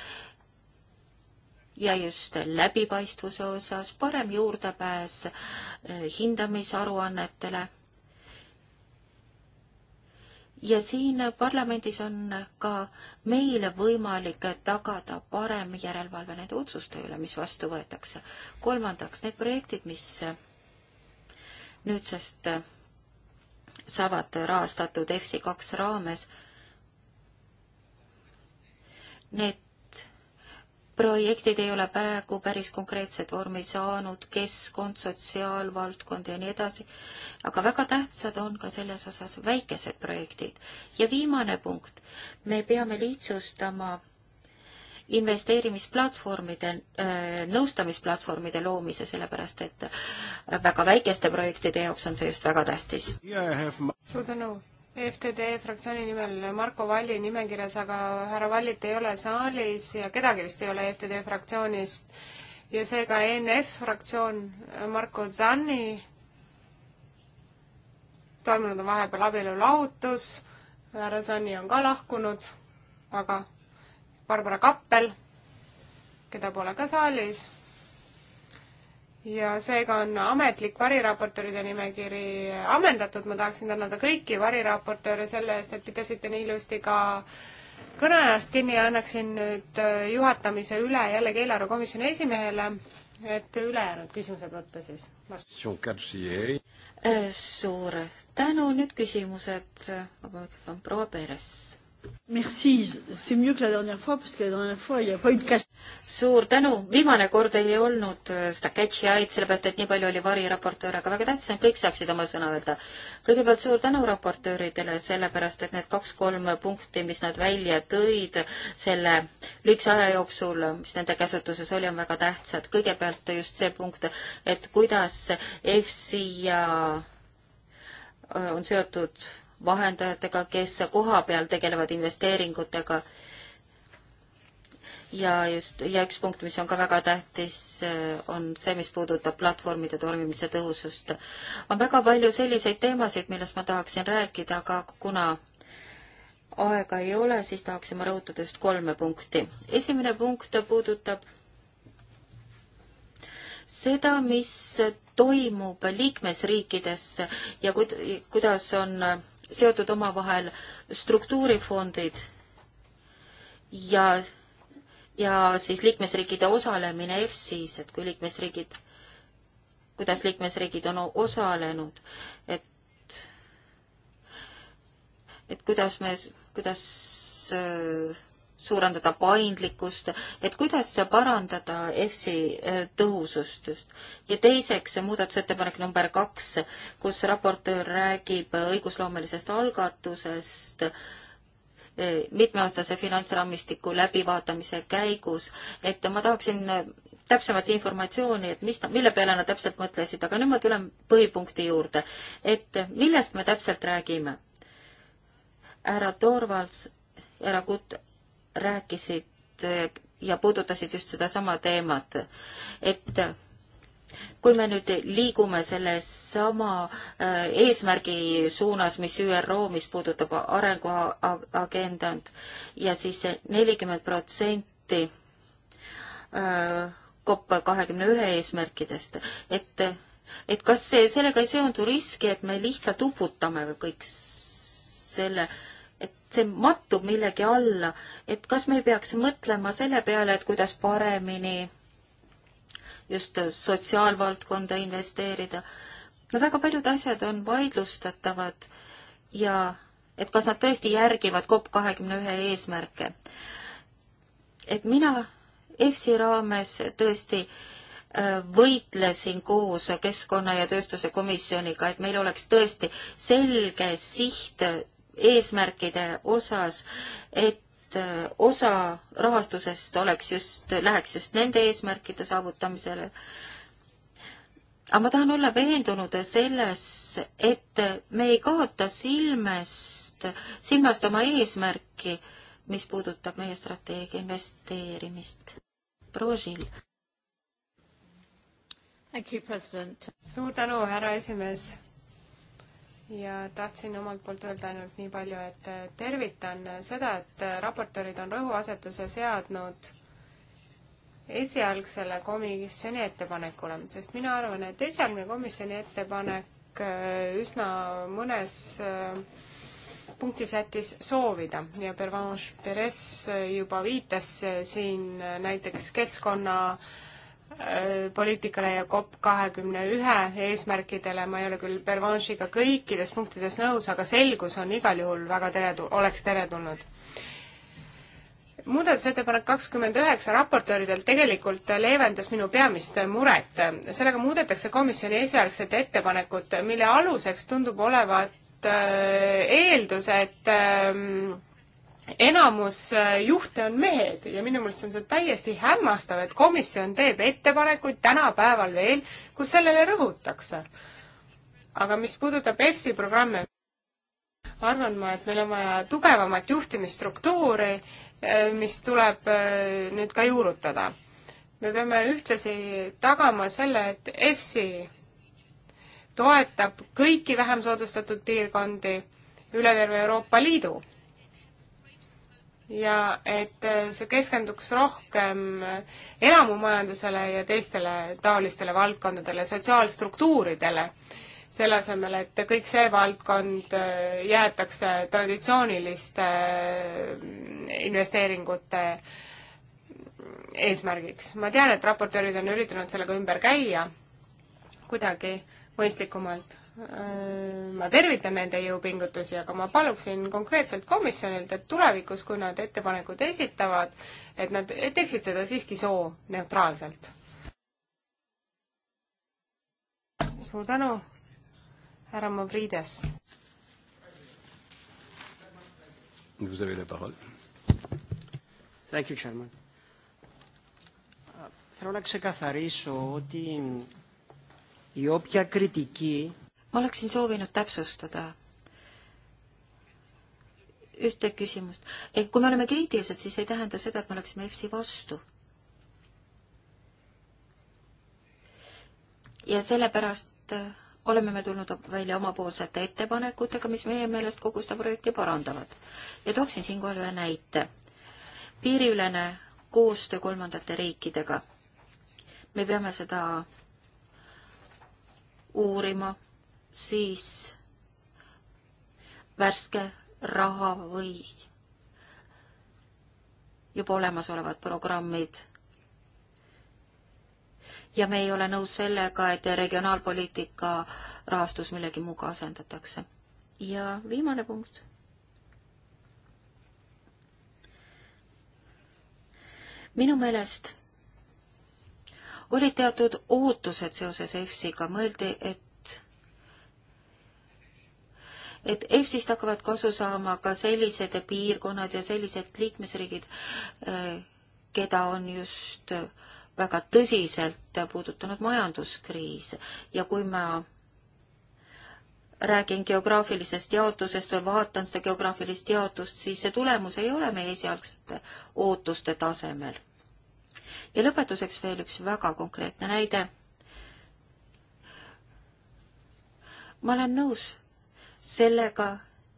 ja just läbipaistvuse osas parem juurdepääs eh, hindamisaruannetele. ja siin parlamendis on ka meile võimalik tagada parem järelevalve nende otsuste üle, mis vastu võetakse. kolmandaks, need projektid, mis nüüdsest äh, saavad rahastatud EFSI kaks raames. Need projektid ei ole praegu päris konkreetset vormi saanud, keskkond, sotsiaalvaldkond ja nii edasi, aga väga tähtsad on ka selles osas väikesed projektid. ja viimane punkt, me peame lihtsustama investeerimisplatvormide, äh, nõustamisplatvormide loomise, sellepärast et väga väikeste projektide jaoks on see just väga tähtis. suur tänu! FTD fraktsiooni nimel Marko Valli nimekirjas, aga härra Vallit ei ole saalis ja kedagi vist ei ole FTD fraktsioonist ja seega ENF fraktsioon Marko Zanni toimunud on vahepeal abielulahutus, härra Zanni on ka lahkunud, aga Barbara Kappel, keda pole ka saalis. ja seega on ametlik variraportööride nimekiri ammendatud, ma tahaksin tänada kõiki variraportööre selle eest, et pidasite nii ilusti ka kõneajast kinni ja annaksin nüüd äh, juhatamise üle jällegi eelarvekomisjoni esimehele, et ülejäänud küsimused võtta siis vastu. Äh, suur tänu, nüüd küsimused, vaba mikrofon, proua Peres Merci, c'est mieux que la dernière fois, parce que la dernière fois il n'y a pas eu de catch. suur tänu, viimane kord ei olnud äh, seda catch'i aid, sellepärast et nii palju oli variraportööre, aga väga tähtis on, kõik saaksid oma sõna öelda. kõigepealt suur tänu raportööridele, sellepärast et need kaks-kolm punkti, mis nad välja tõid selle lühikese aja jooksul, mis nende käsutuses oli, on väga tähtsad. kõigepealt just see punkt, et kuidas EFSI ja äh, on seotud vahendajatega, kes koha peal tegelevad investeeringutega. ja just, ja üks punkt, mis on ka väga tähtis, äh, on see, mis puudutab platvormide toimimise tõhusust. on väga palju selliseid teemasid, millest ma tahaksin rääkida, aga kuna aega ei ole, siis tahaksime rõhutada just kolme punkti. esimene punkt puudutab seda, mis toimub liikmesriikides ja kuid-, kuidas on seotud omavahel struktuurifondid ja, ja siis liikmesriikide osalemine EFSis, et kui liikmesriigid, kuidas liikmesriigid on osalenud, et et kuidas me, kuidas äh, suurendada paindlikkust, et kuidas parandada EFSI äh, tõhusust just. ja teiseks muudatusettepanek number kaks, kus raportöör räägib õigusloomelisest algatusest äh, mitmeaastase finantsraamistiku läbivaatamise käigus, et ma tahaksin äh, täpsemat informatsiooni, et mis, mille peale nad täpselt mõtlesid, aga nüüd ma tulen põhipunkti juurde, et millest me täpselt räägime. härra Torvalds, härra Kut-, rääkisid eh, ja puudutasid just sedasama teemat, et kui me nüüd liigume sellesama eh, eesmärgi suunas, mis ÜRO, mis puudutab arenguagendat ja siis nelikümmend protsenti eh, COP kahekümne ühe eesmärkidest, et, et kas see, sellega ei seondu riski, et me lihtsalt uputame kõik selle äh, see mattub millegi alla, et kas me ei peaks mõtlema selle peale, et kuidas paremini just sotsiaalvaldkonda investeerida. no väga paljud asjad on vaidlustatavad ja et kas nad tõesti järgivad COP kahekümne ühe eesmärke. et mina EFSi raames tõesti äh, võitlesin koos Keskkonna ja Tööstuse Komisjoniga, et meil oleks tõesti selge siht eesmärkide osas, et äh, osa rahastusest oleks just, läheks just nende eesmärkide saavutamisele. aga ma tahan olla veendunud selles, et me ei kaota silmest, silmast oma eesmärki, mis puudutab meie strateegia investeerimist. proua Žill. suur tänu, härra esimees ja tahtsin omalt poolt öelda ainult nii palju, et tervitan seda, et raportöörid on rõhuasetuse seadnud esialgsele komisjoni ettepanekule, sest mina arvan, et esialgne komisjoni ettepanek äh, üsna mõnes äh, punktis jättis soovida ja Pervanche Perez juba viitas äh, siin näiteks keskkonna äh, Äh, poliitikale ja COP kahekümne ühe eesmärkidele, ma ei ole küll Pervanšiga kõikides punktides nõus, aga selgus on igal juhul väga teretu-, oleks teretulnud. muudatusettepanek kakskümmend üheksa raportööridelt tegelikult leevendas minu peamist muret. sellega muudetakse komisjoni esialgset ettepanekut, mille aluseks tundub olevat äh, eeldus, et ähm, enamus äh, juhte on mehed ja minu meelest on see täiesti hämmastav, et komisjon teeb ettepanekuid tänapäeval veel, kus sellele rõhutakse. aga mis puudutab EFSI programme, arvan ma, et meil on vaja tugevamat juhtimisstruktuuri, äh, mis tuleb äh, nüüd ka juurutada. me peame ühtlasi tagama selle, et EFSI toetab kõiki vähem soodustatud piirkondi üle terve Euroopa Liidu ja et äh, see keskenduks rohkem äh, elamumajandusele ja teistele taolistele valdkondadele, sotsiaalstruktuuridele, selle asemel, et kõik see valdkond äh, jäetakse traditsiooniliste investeeringute eesmärgiks. ma tean, et raportöörid on üritanud sellega ümber käia kuidagi mõistlikumalt Äh, ma tervitan nende jõupingutusi, aga ma paluksin konkreetselt komisjonilt, et tulevikus, kui nad ettepanekud esitavad, et nad teeksid seda siiski sooneutraalselt. suur tänu, härra Mavrides. Vous avez la parole. Thank you, Chairman. Uh, θέλω να ξεκαθαρίσω ότι η όποια κριτική ma oleksin soovinud täpsustada ühte küsimust. kui me oleme kriitilised, siis ei tähenda seda, et me oleksime EFSi vastu. ja sellepärast äh, oleme me tulnud välja omapoolsete ettepanekutega, mis meie meelest kogu seda projekti parandavad. ja tooksin siinkohal ühe näite. piiriülene koostöö kolmandate riikidega. me peame seda uurima siis värske raha või juba olemasolevad programmid. ja me ei ole nõus sellega, et regionaalpoliitika rahastus millegi muuga asendatakse. ja viimane punkt. minu meelest olid teatud ootused seoses EFSiga, mõeldi, et et EFSist hakkavad kasu saama ka sellised piirkonnad ja sellised liikmesriigid, äh, keda on just väga tõsiselt puudutanud majanduskriis ja kui ma räägin geograafilisest jaotusest või vaatan seda geograafilist jaotust, siis see tulemus ei ole meie esialgsete ootuste tasemel. ja lõpetuseks veel üks väga konkreetne näide. ma olen nõus sellega,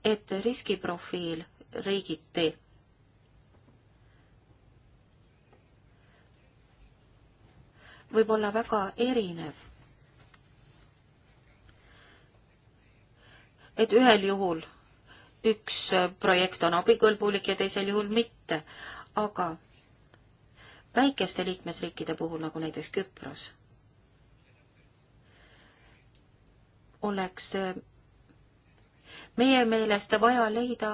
et riskiprofiil riigiti võib olla väga erinev. et ühel juhul üks projekt on abikõlbulik ja teisel juhul mitte, aga väikeste liikmesriikide puhul, nagu näiteks Küpros, oleks meie meelest vaja leida,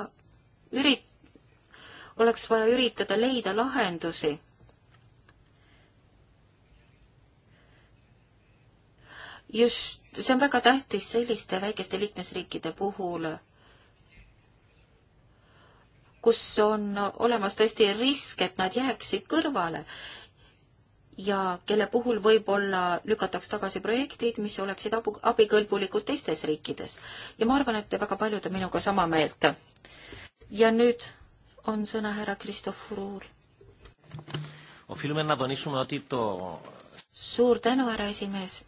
ürit-, oleks vaja üritada leida lahendusi. just, see on väga tähtis selliste väikeste liikmesriikide puhul, kus on olemas tõesti risk, et nad jääksid kõrvale ja kelle puhul võib-olla lükataks tagasi projektid, mis oleksid abu, abikõlbulikud teistes riikides. ja ma arvan, et väga paljud on minuga sama meelt. ja nüüd on sõna härra Kristoforul. suur tänu, härra esimees.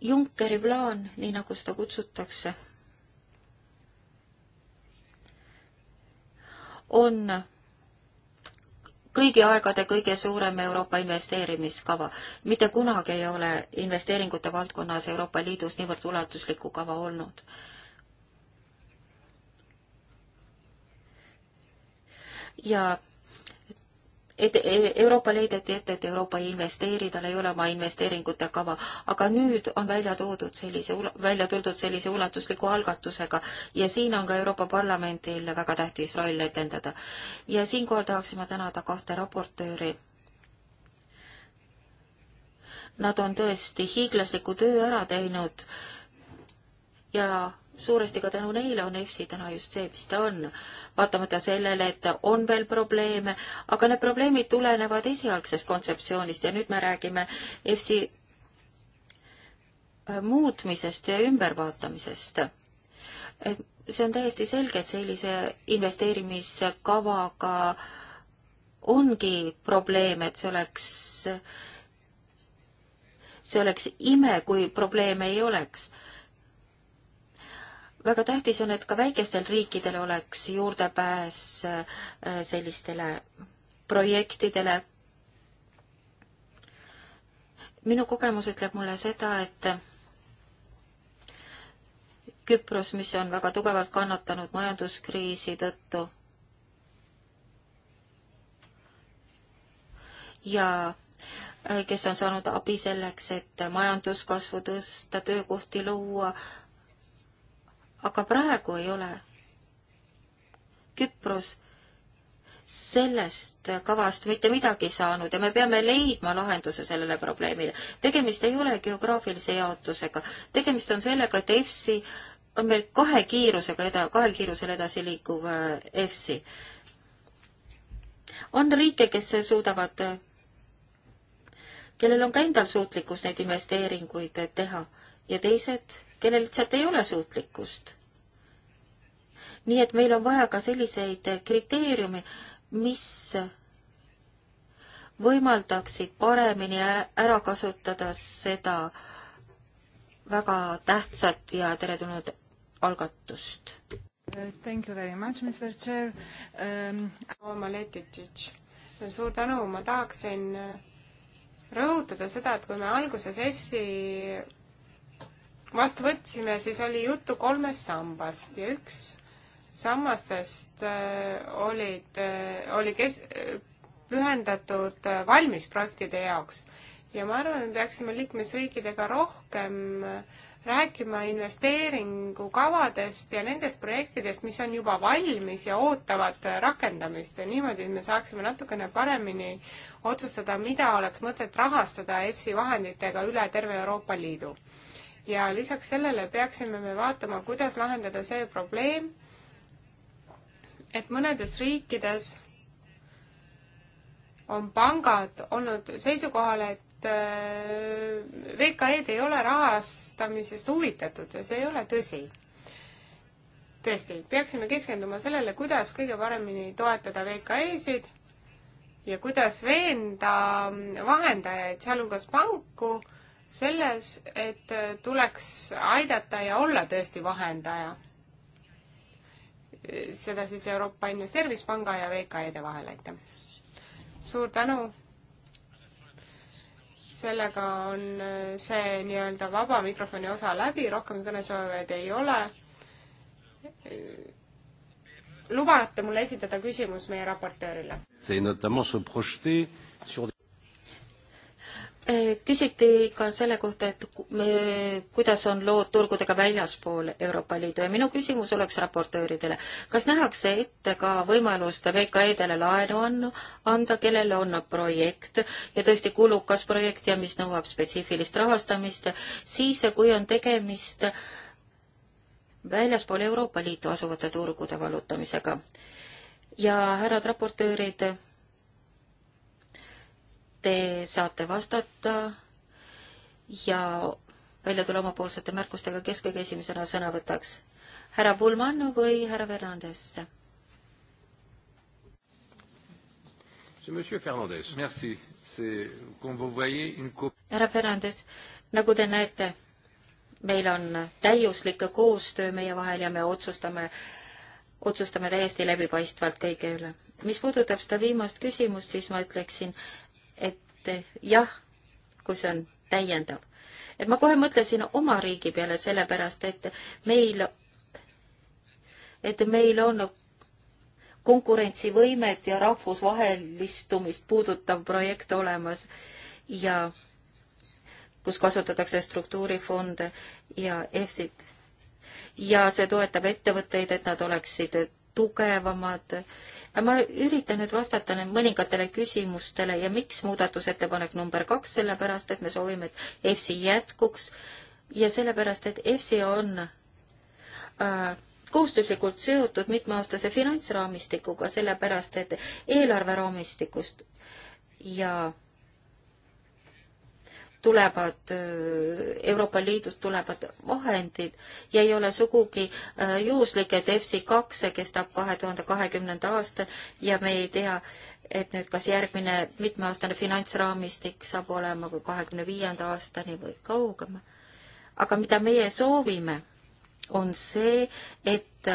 Junckeri plaan, nii nagu seda kutsutakse, on kõigi aegade kõige suurem Euroopa investeerimiskava. mitte kunagi ei ole investeeringute valdkonnas Euroopa Liidus niivõrd ulatuslikku kava olnud. ja et e, Euroopa leideti ette, et Euroopa ei investeeri, tal ei ole oma investeeringute kava, aga nüüd on välja toodud sellise, välja tuldud sellise ulatusliku algatusega ja siin on ka Euroopa Parlamendil väga tähtis roll etendada. ja siinkohal tahaksin ma tänada kahte raportööri. Nad on tõesti hiiglasliku töö ära teinud ja suuresti ka tänu neile on EFSI täna just see, mis ta on vaatamata sellele, et on veel probleeme, aga need probleemid tulenevad esialgsest kontseptsioonist ja nüüd me räägime EFSi äh, muutmisest ja ümbervaatamisest. see on täiesti selge, et sellise investeerimiskavaga ongi probleem, et see oleks, see oleks ime, kui probleeme ei oleks väga tähtis on, et ka väikestel riikidel oleks juurdepääs äh, sellistele projektidele. minu kogemus ütleb mulle seda, et Küpros, mis on väga tugevalt kannatanud majanduskriisi tõttu ja äh, kes on saanud abi selleks, et majanduskasvu tõsta, töökohti luua, aga praegu ei ole Küpros sellest kavast mitte midagi saanud ja me peame leidma lahenduse sellele probleemile. tegemist ei ole geograafilise jaotusega, tegemist on sellega, et EFSI on meil kahe kiirusega eda-, kahel kiirusel edasi liikuv EFSI. Äh, on riike, kes suudavad, kellel on ka endal suutlikkus neid investeeringuid teha ja teised kellel lihtsalt ei ole suutlikkust. nii et meil on vaja ka selliseid kriteeriumi, mis võimaldaksid paremini ära kasutada seda väga tähtsat ja teretulnud algatust. Thank you very much, Mr Chair um.... Oma Letitšitš, suur tänu, ma tahaksin rõhutada seda, et kui me alguses EFSi vastu võtsime, siis oli juttu kolmest sambast ja üks sammastest äh, olid, äh, oli kes-, pühendatud äh, valmisprojektide jaoks. ja ma arvan, et peaksime liikmesriikidega rohkem rääkima investeeringukavadest ja nendest projektidest, mis on juba valmis ja ootavad rakendamist ja niimoodi me saaksime natukene paremini otsustada, mida oleks mõtet rahastada EFSI vahenditega üle terve Euroopa Liidu ja lisaks sellele peaksime me vaatama, kuidas lahendada see probleem, et mõnedes riikides on pangad olnud seisukohal, et äh, VKE-d ei ole rahastamisest huvitatud ja see ei ole tõsi. tõesti, peaksime keskenduma sellele, kuidas kõige paremini toetada VKE-sid ja kuidas veenda vahendajaid, sealhulgas panku, selles, et tuleks aidata ja olla tõesti vahendaja. seda siis Euroopa Investeerimispanga ja VKE-de vahel, aitäh. suur tänu. sellega on see nii-öelda vaba mikrofoni osa läbi, rohkem kõnesoovijaid ei ole. lubate mul esitada küsimus meie raportöörile? see, et ta on projeté sur Äh, küsiti ka selle kohta, et me, kuidas on lood turgudega väljaspool Euroopa Liidu ja minu küsimus oleks raportööridele. kas nähakse ette ka võimalust VKE-dele laenu annu, anda, kellel on projekt ja tõesti kulukas projekt ja mis nõuab spetsiifilist rahastamist, siis kui on tegemist väljaspool Euroopa Liitu asuvate turgude vallutamisega? ja härrad raportöörid te saate vastata ja välja tulla omapoolsete märkustega, kes kõige esimesena sõna võtaks, härra Pullmann või härra Fernandes? härra Fernandes, nagu te näete, meil on täiuslik koostöö meie vahel ja me otsustame, otsustame täiesti läbipaistvalt kõige üle. mis puudutab seda viimast küsimust, siis ma ütleksin, et jah, kui see on täiendav. et ma kohe mõtlesin oma riigi peale, sellepärast et meil, et meil on konkurentsivõimet ja rahvusvahelistumist puudutav projekt olemas ja kus kasutatakse struktuurifonde ja EFSit. ja see toetab ettevõtteid, et nad oleksid tugevamad ma üritan nüüd vastata nüüd mõningatele küsimustele ja miks muudatusettepanek number kaks, sellepärast et me soovime, et EFSI jätkuks ja sellepärast, et EFSI on äh, kohustuslikult seotud mitmeaastase finantsraamistikuga, sellepärast et eelarveraamistikust ja tulevad äh, Euroopa Liidust tulevad vahendid ja ei ole sugugi äh, juhuslik, et EFSI kaks kestab kahe tuhande kahekümnenda aasta ja me ei tea, et nüüd kas järgmine mitmeaastane finantsraamistik saab olema kui kahekümne viienda aastani või kaugem. aga mida meie soovime, on see, et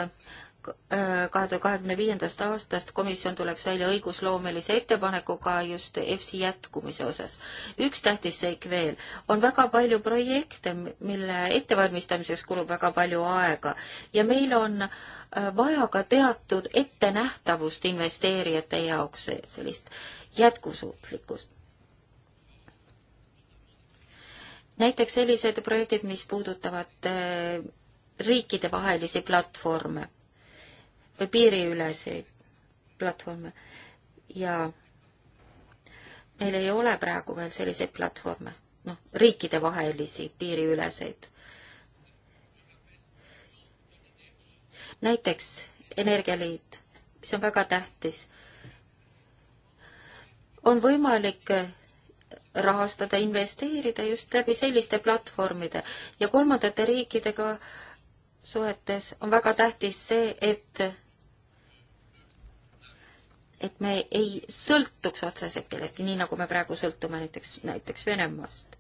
kahe tuhande kahekümne viiendast aastast komisjon tuleks välja õigusloomelise ettepanekuga just EFSI jätkumise osas. üks tähtis seik veel, on väga palju projekte, mille ettevalmistamiseks kulub väga palju aega ja meil on äh, vaja ka teatud ettenähtavust investeerijate jaoks, sellist jätkusuutlikkust. näiteks sellised projektid, mis puudutavad äh, riikidevahelisi platvorme või piiriüleseid platvorme ja meil ei ole praegu veel selliseid platvorme, noh, riikidevahelisi piiriüleseid. näiteks Energialiit, mis on väga tähtis, on võimalik rahastada, investeerida just läbi selliste platvormide ja kolmandate riikidega suhetes on väga tähtis see, et et me ei sõltuks otseselt kellestki, nii nagu me praegu sõltume näiteks, näiteks Venemaast.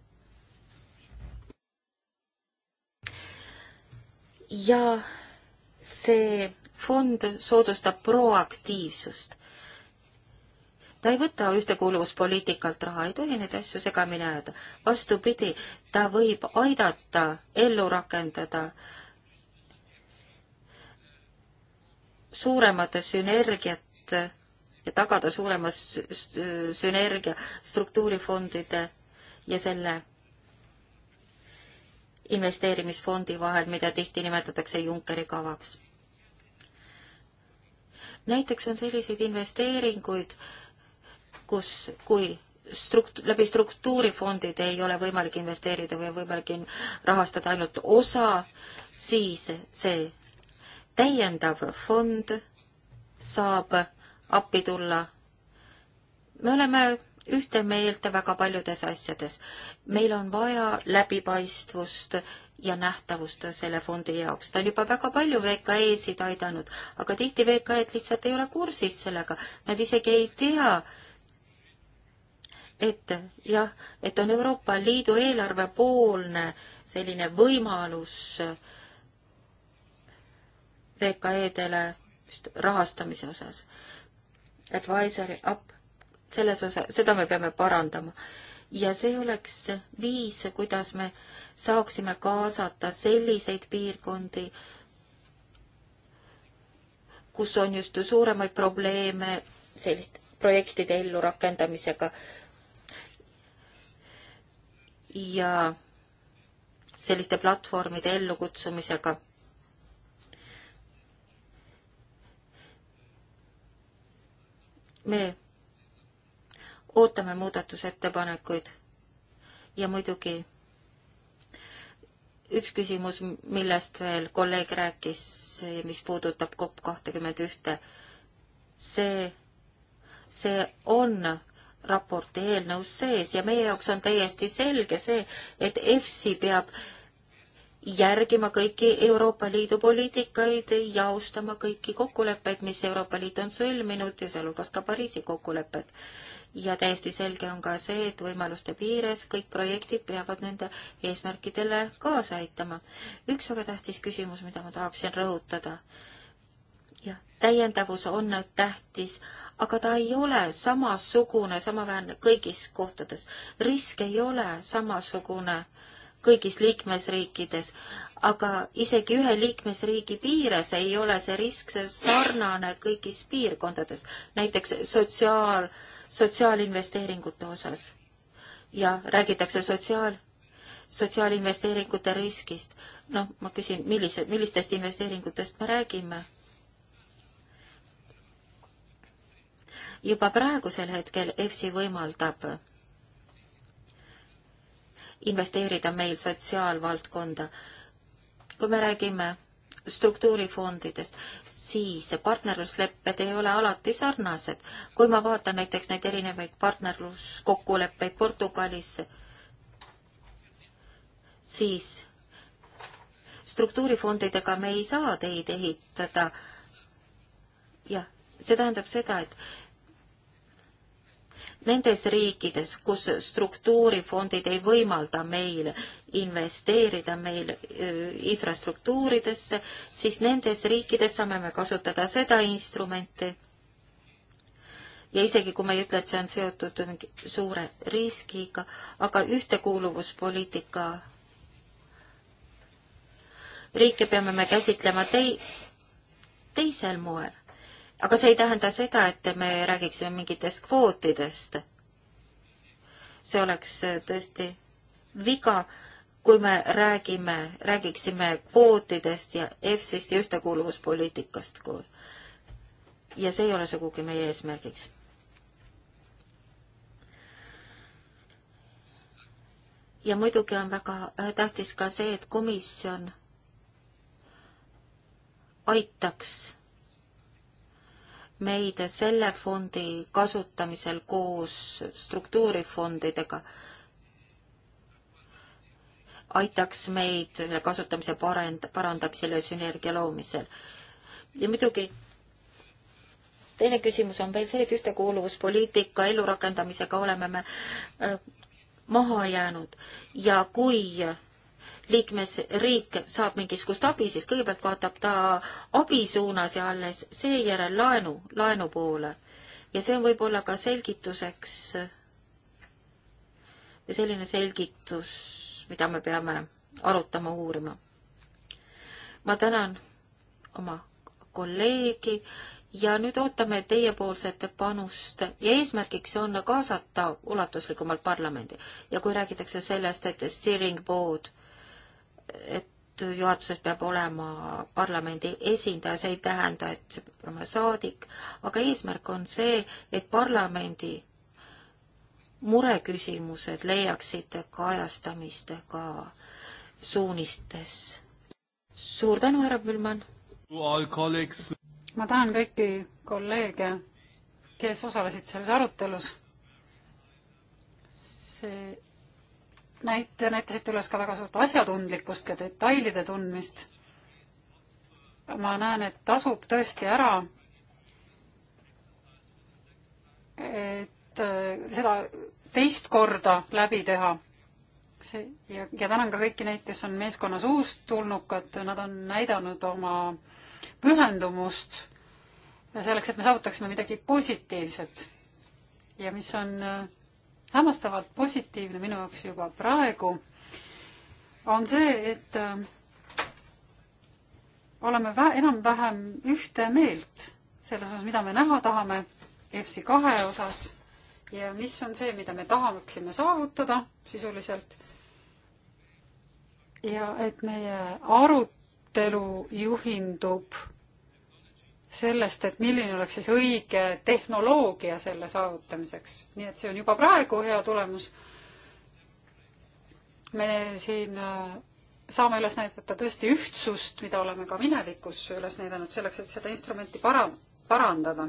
ja see fond soodustab proaktiivsust. ta ei võta ühtekuuluvuspoliitikalt raha, ei tohi neid asju segamini ajada. vastupidi, ta võib aidata ellu rakendada suuremat sünergiat ja tagada suurema sünergia struktuurifondide ja selle investeerimisfondi vahel, mida tihti nimetatakse Junckeri kavaks. näiteks on selliseid investeeringuid, kus, kui strukt-, läbi struktuurifondide ei ole võimalik investeerida või on võimalik in rahastada ainult osa, siis see täiendav fond saab appi tulla. me oleme ühte meelt väga paljudes asjades. meil on vaja läbipaistvust ja nähtavust selle fondi jaoks. ta on juba väga palju VKE-sid aidanud, aga tihti VKE-d lihtsalt ei ole kursis sellega, nad isegi ei tea, et jah, et on Euroopa Liidu eelarvepoolne selline võimalus VKE-dele rahastamiseks rahastamise osas advisory up, selles osa, seda me peame parandama. ja see oleks viis, kuidas me saaksime kaasata selliseid piirkondi, kus on just suuremaid probleeme selliste projektide ellurakendamisega. ja selliste platvormide ellukutsumisega me ootame muudatusettepanekuid ja muidugi üks küsimus, millest veel kolleeg rääkis, mis puudutab COP kahtekümmend ühte, see, see on raporti eelnõus sees ja meie jaoks on täiesti selge see, et EFSI peab äh, järgima kõiki Euroopa Liidu poliitikaid ja austama kõiki kokkuleppeid, mis Euroopa Liit on sõlminud ja sealhulgas ka Pariisi kokkulepped. ja täiesti selge on ka see, et võimaluste piires kõik projektid peavad nende eesmärkidele kaasa aitama. üks väga tähtis küsimus, mida ma tahaksin rõhutada. jah, täiendavus on tähtis, aga ta ei ole samasugune, samaväärne kõigis kohtades. risk ei ole samasugune kõigis liikmesriikides, aga isegi ühe liikmesriigi piires ei ole see risk sarnane kõigis piirkondades, näiteks sotsiaal, sotsiaalinvesteeringute osas. ja räägitakse sotsiaal, sotsiaalinvesteeringute riskist. noh, ma küsin, millise, millistest investeeringutest me räägime? juba praegusel hetkel EFSI võimaldab investeerida meil sotsiaalvaldkonda. kui me räägime struktuurifondidest, siis partnerluslepped ei ole alati sarnased. kui ma vaatan näiteks neid erinevaid partnerluskokkuleppeid Portugalis, siis struktuurifondidega me ei saa teid ehitada. jah, see tähendab seda, et nendes riikides, kus struktuurifondid ei võimalda meil investeerida meil infrastruktuuridesse, siis nendes riikides saame me kasutada seda instrumenti. ja isegi, kui ma ei ütle, et see on seotud mingi suure riskiga, aga ühtekuuluvuspoliitika riike peame me käsitlema tei-, teisel moel aga see ei tähenda seda, et me räägiksime mingitest kvootidest. see oleks äh, tõesti viga, kui me räägime, räägiksime kvootidest ja EFSist ja ühtekuuluvuspoliitikast koos. ja see ei ole sugugi meie eesmärgiks. ja muidugi on väga äh, tähtis ka see, et komisjon aitaks meid selle fondi kasutamisel koos struktuurifondidega aitaks meid selle kasutamise parend-, parandamisel ja sünergia loomisel. ja muidugi teine küsimus on veel see, et ühtekuuluvuspoliitika ellurakendamisega oleme me äh, maha jäänud ja kui liikmesriik saab mingisugust abi, siis kõigepealt vaatab ta abi suunas ja alles seejärel laenu, laenu poole. ja see on võib-olla ka selgituseks, selline selgitus, mida me peame arutama, uurima. ma tänan oma kolleegi ja nüüd ootame teiepoolset panust ja eesmärgiks on kaasata ulatuslikumalt parlamendi. ja kui räägitakse sellest, et steering board äh, et juhatuses peab olema parlamendi esindaja, see ei tähenda, et see peab olema saadik, aga eesmärk on see, et parlamendi mureküsimused leiaksid kajastamist ka suunistes. suur tänu, härra Pülman! ma tänan kõiki kolleege, kes osalesid selles arutelus. see näit-, näitasite üles ka väga suurt asjatundlikkust ja detailide tundmist. ma näen, et tasub tõesti ära, et äh, seda teist korda läbi teha. see ja, ja tänan ka kõiki neid, kes on meeskonnas uustulnukad, nad on näidanud oma pühendumust selleks, et me saavutaksime midagi positiivset ja mis on äh, hämmastavalt positiivne minu jaoks juba praegu on see, et äh, oleme vä-, enam-vähem ühte meelt selles osas, mida me näha tahame EFSI kahe osas ja mis on see, mida me tahaksime saavutada sisuliselt. ja et meie arutelu juhindub sellest, et milline oleks siis õige tehnoloogia selle saavutamiseks. nii et see on juba praegu hea tulemus. me siin äh, saame üles näidata tõesti ühtsust, mida oleme ka minevikus üles näidanud, selleks et seda instrumenti para-, parandada.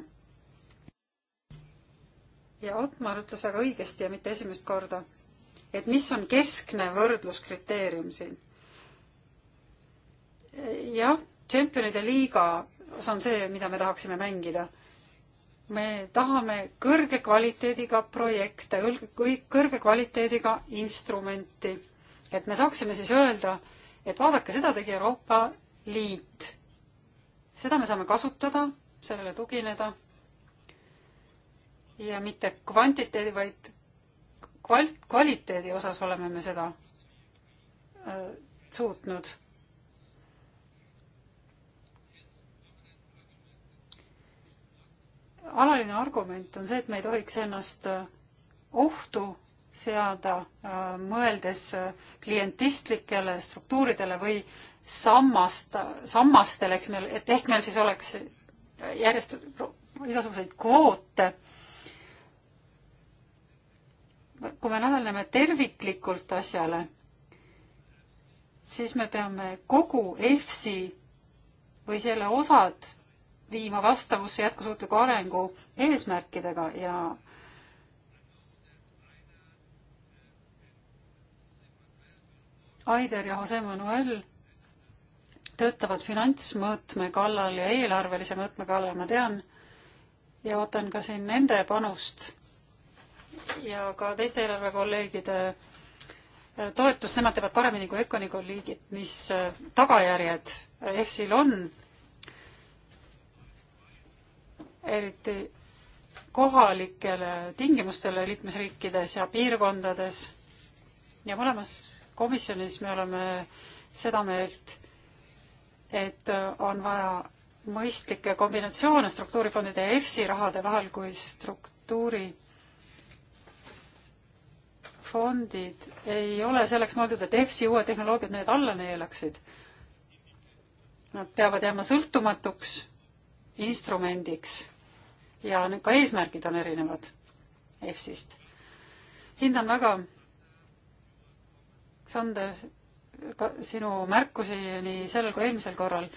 ja Otmar ütles väga õigesti ja mitte esimest korda, et mis on keskne võrdluskriteerium siin. jah, tšempionide liiga see on see, mida me tahaksime mängida. me tahame kõrge kvaliteediga projekte, kõrge kvaliteediga instrumenti, et me saaksime siis öelda, et vaadake, seda tegi Euroopa Liit. seda me saame kasutada, sellele tugineda. ja mitte kvantiteedi, vaid kvalt-, kvaliteedi osas oleme me seda äh, suutnud alaline argument on see, et me ei tohiks ennast äh, ohtu seada, äh, mõeldes äh, klientistlikele struktuuridele või sammast, sammastele, eks meil, et ehk meil siis oleks järjest igasuguseid kvoote. kui me läheneme terviklikult asjale, siis me peame kogu EFSi või selle osad viima vastavusse jätkusuutliku arengu eesmärkidega ja Aider ja Jose Manuel töötavad finantsmõõtme kallal ja eelarvelise mõõtme kallal, ma tean, ja ootan ka siin nende panust ja ka teiste eelarvekolleegide äh, toetust, nemad teevad paremini kui Econi kolleegid, mis äh, tagajärjed EFSil äh, on eriti kohalikele tingimustele liikmesriikides ja piirkondades. ja mõlemas komisjonis me oleme seda meelt, et on vaja mõistlikke kombinatsioone struktuurifondide ja EFSI rahade vahel, kui struktuurifondid ei ole selleks mõeldud, et EFSI uued tehnoloogiad need alla neelaksid. Nad peavad jääma sõltumatuks instrumendiks ja nüüd ka eesmärgid on erinevad EFSist. hindan väga, Sander, ka sinu märkusi nii sellel kui eelmisel korral.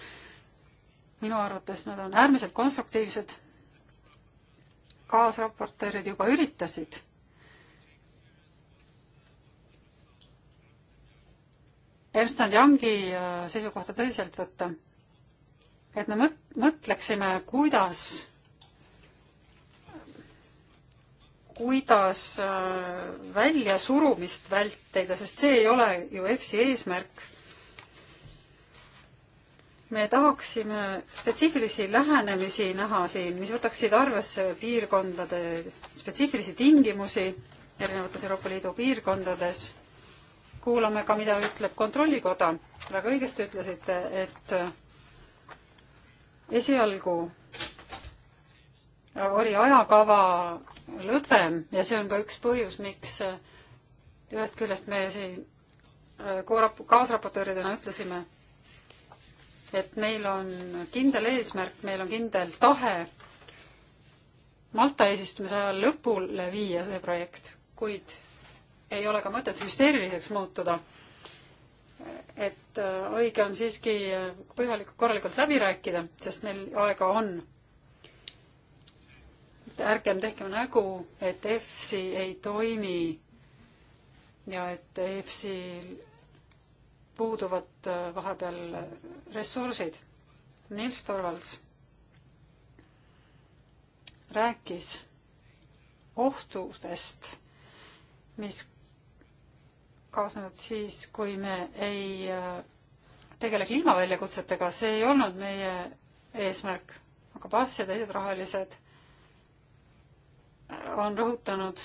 minu arvates nad on äärmiselt konstruktiivsed. kaasraportöörid juba üritasid Ernst Youngi äh, seisukohta tõsiselt võtta. et me mõtleksime, kuidas kuidas äh, väljasurumist vältida, sest see ei ole ju EFSi eesmärk. me tahaksime spetsiifilisi lähenemisi näha siin, mis võtaksid arvesse piirkondade spetsiifilisi tingimusi erinevates Euroopa Liidu piirkondades kuulame ka, mida ütleb Kontrollikoda. väga õigesti ütlesite, et esialgu oli ajakava lõdvem ja see on ka üks põhjus, miks eh, ühest küljest me siin eh, kaasraportööridena ütlesime, et meil on kindel eesmärk, meil on kindel tahe Malta eesistumise ajal lõpule viia see projekt, kuid ei ole ka mõtet hüsteeriliseks muutuda. et eh, õige on siiski põhjalikult, korralikult läbi rääkida, sest meil aega on ärgem tehkem nägu, et EFSI ei toimi ja et EFSI-l puuduvad äh, vahepeal ressursid. Nils Torvalds rääkis ohtudest, mis kaasnevad siis, kui me ei äh, tegele kliimaväljakutsetega, see ei olnud meie eesmärk, aga BAS ja teised rahalised on rõhutanud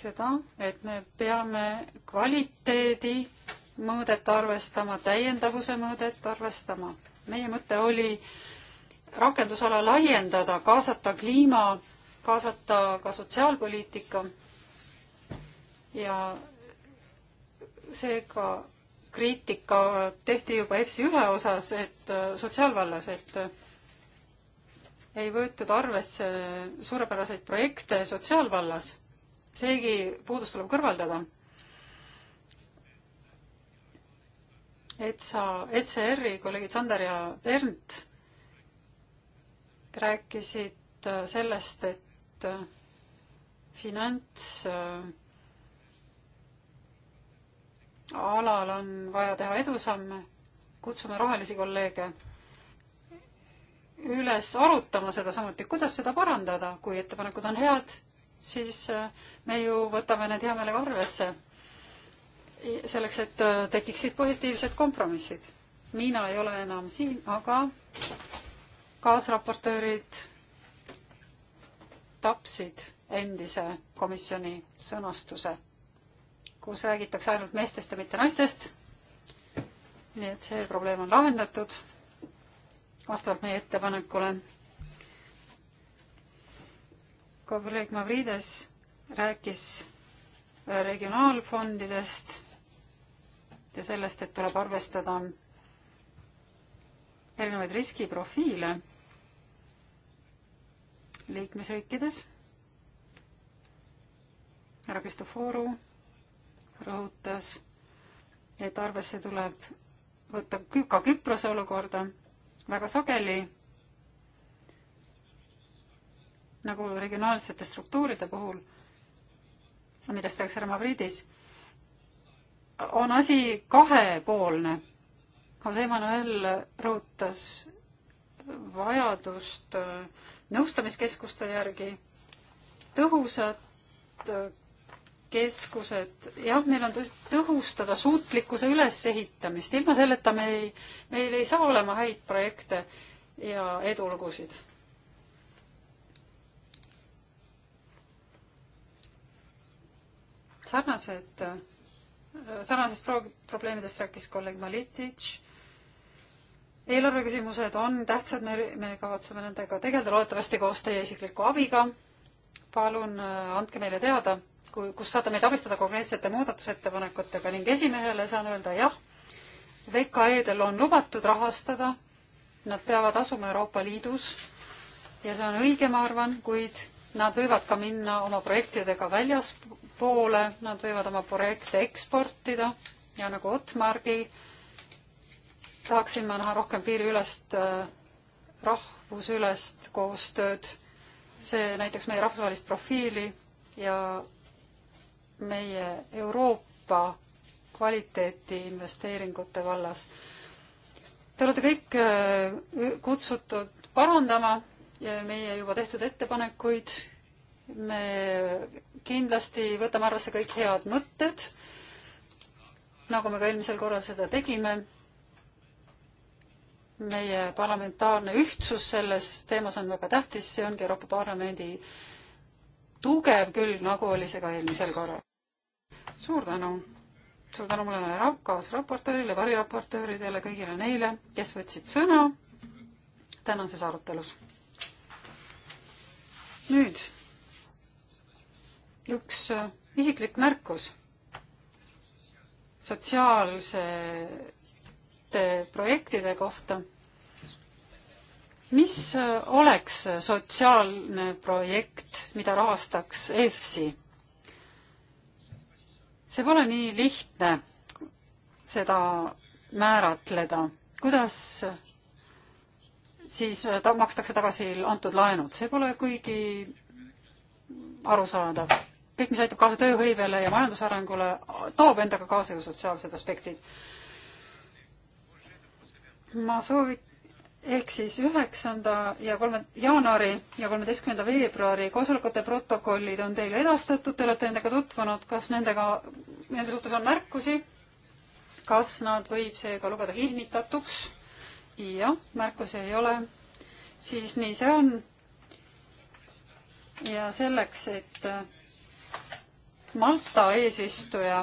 seda, et me peame kvaliteedi mõõdet arvestama, täiendavuse mõõdet arvestama. meie mõte oli rakendusala laiendada, kaasata kliima, kaasata ka sotsiaalpoliitika ja seega kriitika tehti juba EFSI ühe osas, et sotsiaalvallas, et ei võetud arvesse suurepäraseid projekte sotsiaalvallas. seegi puudus tuleb kõrvaldada. et sa, ECR-i kolleegid Sander ja Bernt rääkisid äh, sellest, et äh, finants äh, alal on vaja teha edusamme, kutsume rohelisi kolleege üles arutama seda samuti, kuidas seda parandada, kui ettepanekud on head, siis äh, me ju võtame need hea meelega arvesse. selleks, et äh, tekiksid positiivsed kompromissid. mina ei ole enam siin, aga kaasraportöörid tapsid endise komisjoni sõnastuse, kus räägitakse ainult meestest ja mitte naistest. nii et see probleem on lahendatud vastavalt meie ettepanekule. kolleeg Mavrides rääkis äh, regionaalfondidest ja sellest, et tuleb arvestada erinevaid riskiprofiile liikmesriikides. härra Kristoforu rõhutas, et arvesse tuleb võtta ka Küprose olukorda väga sageli nagu regionaalsete struktuuride puhul, millest rääkis härra Madridis, on asi kahepoolne. Jose Manuel rõhutas vajadust nõustamiskeskuste järgi, tõhusat keskused, jah, meil on tõhustada suutlikkuse ülesehitamist, ilma selleta me ei, meil ei saa olema häid projekte ja edulugusid. sarnased, sarnasest pro-, probleemidest rääkis kolleeg Malititš, eelarve küsimused on tähtsad, me, me kavatseme nendega tegeleda, loodetavasti koos teie isikliku abiga. palun äh, andke meile teada kui, kus saate meid abistada konkreetsete muudatusettepanekutega ning esimehele saan öelda jah, VKE-del on lubatud rahastada, nad peavad asuma Euroopa Liidus ja see on õige, ma arvan, kuid nad võivad ka minna oma projektidega väljaspoole, nad võivad oma projekte eksportida ja nagu Otmargi tahaksin ma näha rohkem piiriülest, äh, rahvusülest koostööd, see näitaks meie rahvusvahelist profiili ja meie Euroopa kvaliteeti investeeringute vallas. Te olete kõik äh, kutsutud parandama meie juba tehtud ettepanekuid. me kindlasti võtame arvesse kõik head mõtted, nagu me ka eelmisel korral seda tegime. meie parlamentaarne ühtsus selles teemas on väga tähtis, see ongi Euroopa Parlamendi tugev külg, nagu oli see ka eelmisel korral suur tänu! suur tänu mulle kaas raportöörile, variraportööridele, kõigile neile, kes võtsid sõna tänases arutelus. nüüd üks äh, isiklik märkus sotsiaalsete projektide kohta. mis äh, oleks sotsiaalne projekt, mida rahastaks EFSI? see pole nii lihtne, seda määratleda, kuidas siis ta makstakse tagasi antud laenud, see pole kuigi arusaadav. kõik, mis aitab kaasa tööhõivele ja majandusarengule, toob endaga kaasa ju sotsiaalsed aspektid. ma soovit-, ehk siis üheksanda ja kolme, jaanuari ja kolmeteistkümnenda veebruari koosolekute protokollid on teile edastatud, te olete nendega tutvunud, kas nendega, nende suhtes on märkusi? kas nad võib seega lugeda kinnitatuks? jah, märkusi ei ole. siis nii see on. ja selleks, et Malta eesistuja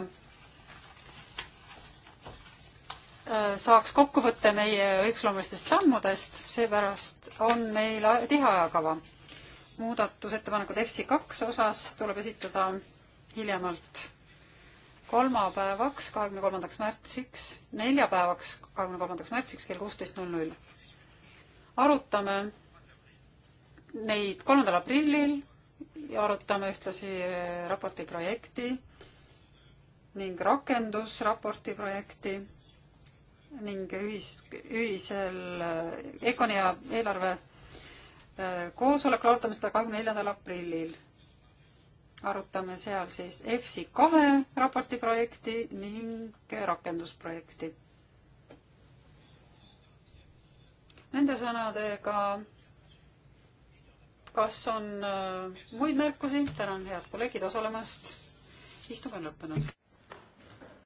Äh, saaks kokkuvõtte meie õigusloomulistest sammudest, seepärast on meil tihe ajakava. muudatusettepanekud FC kaks osas tuleb esitada hiljemalt kolmapäevaks, kahekümne kolmandaks märtsiks, neljapäevaks, kahekümne kolmandaks märtsiks kell kuusteist null null. arutame neid kolmandal aprillil ja arutame ühtlasi äh, raporti projekti ning rakendusraporti projekti ning ühis, ühisel äh, Econi ja eelarve äh, koosolekul arutame seda kahekümne neljandal aprillil. arutame seal siis EFSI kahe raporti projekti ning rakendusprojekti. Nende sõnadega, kas on äh, muid märkusi? tänan, head kolleegid, osalemast. istung on lõppenud.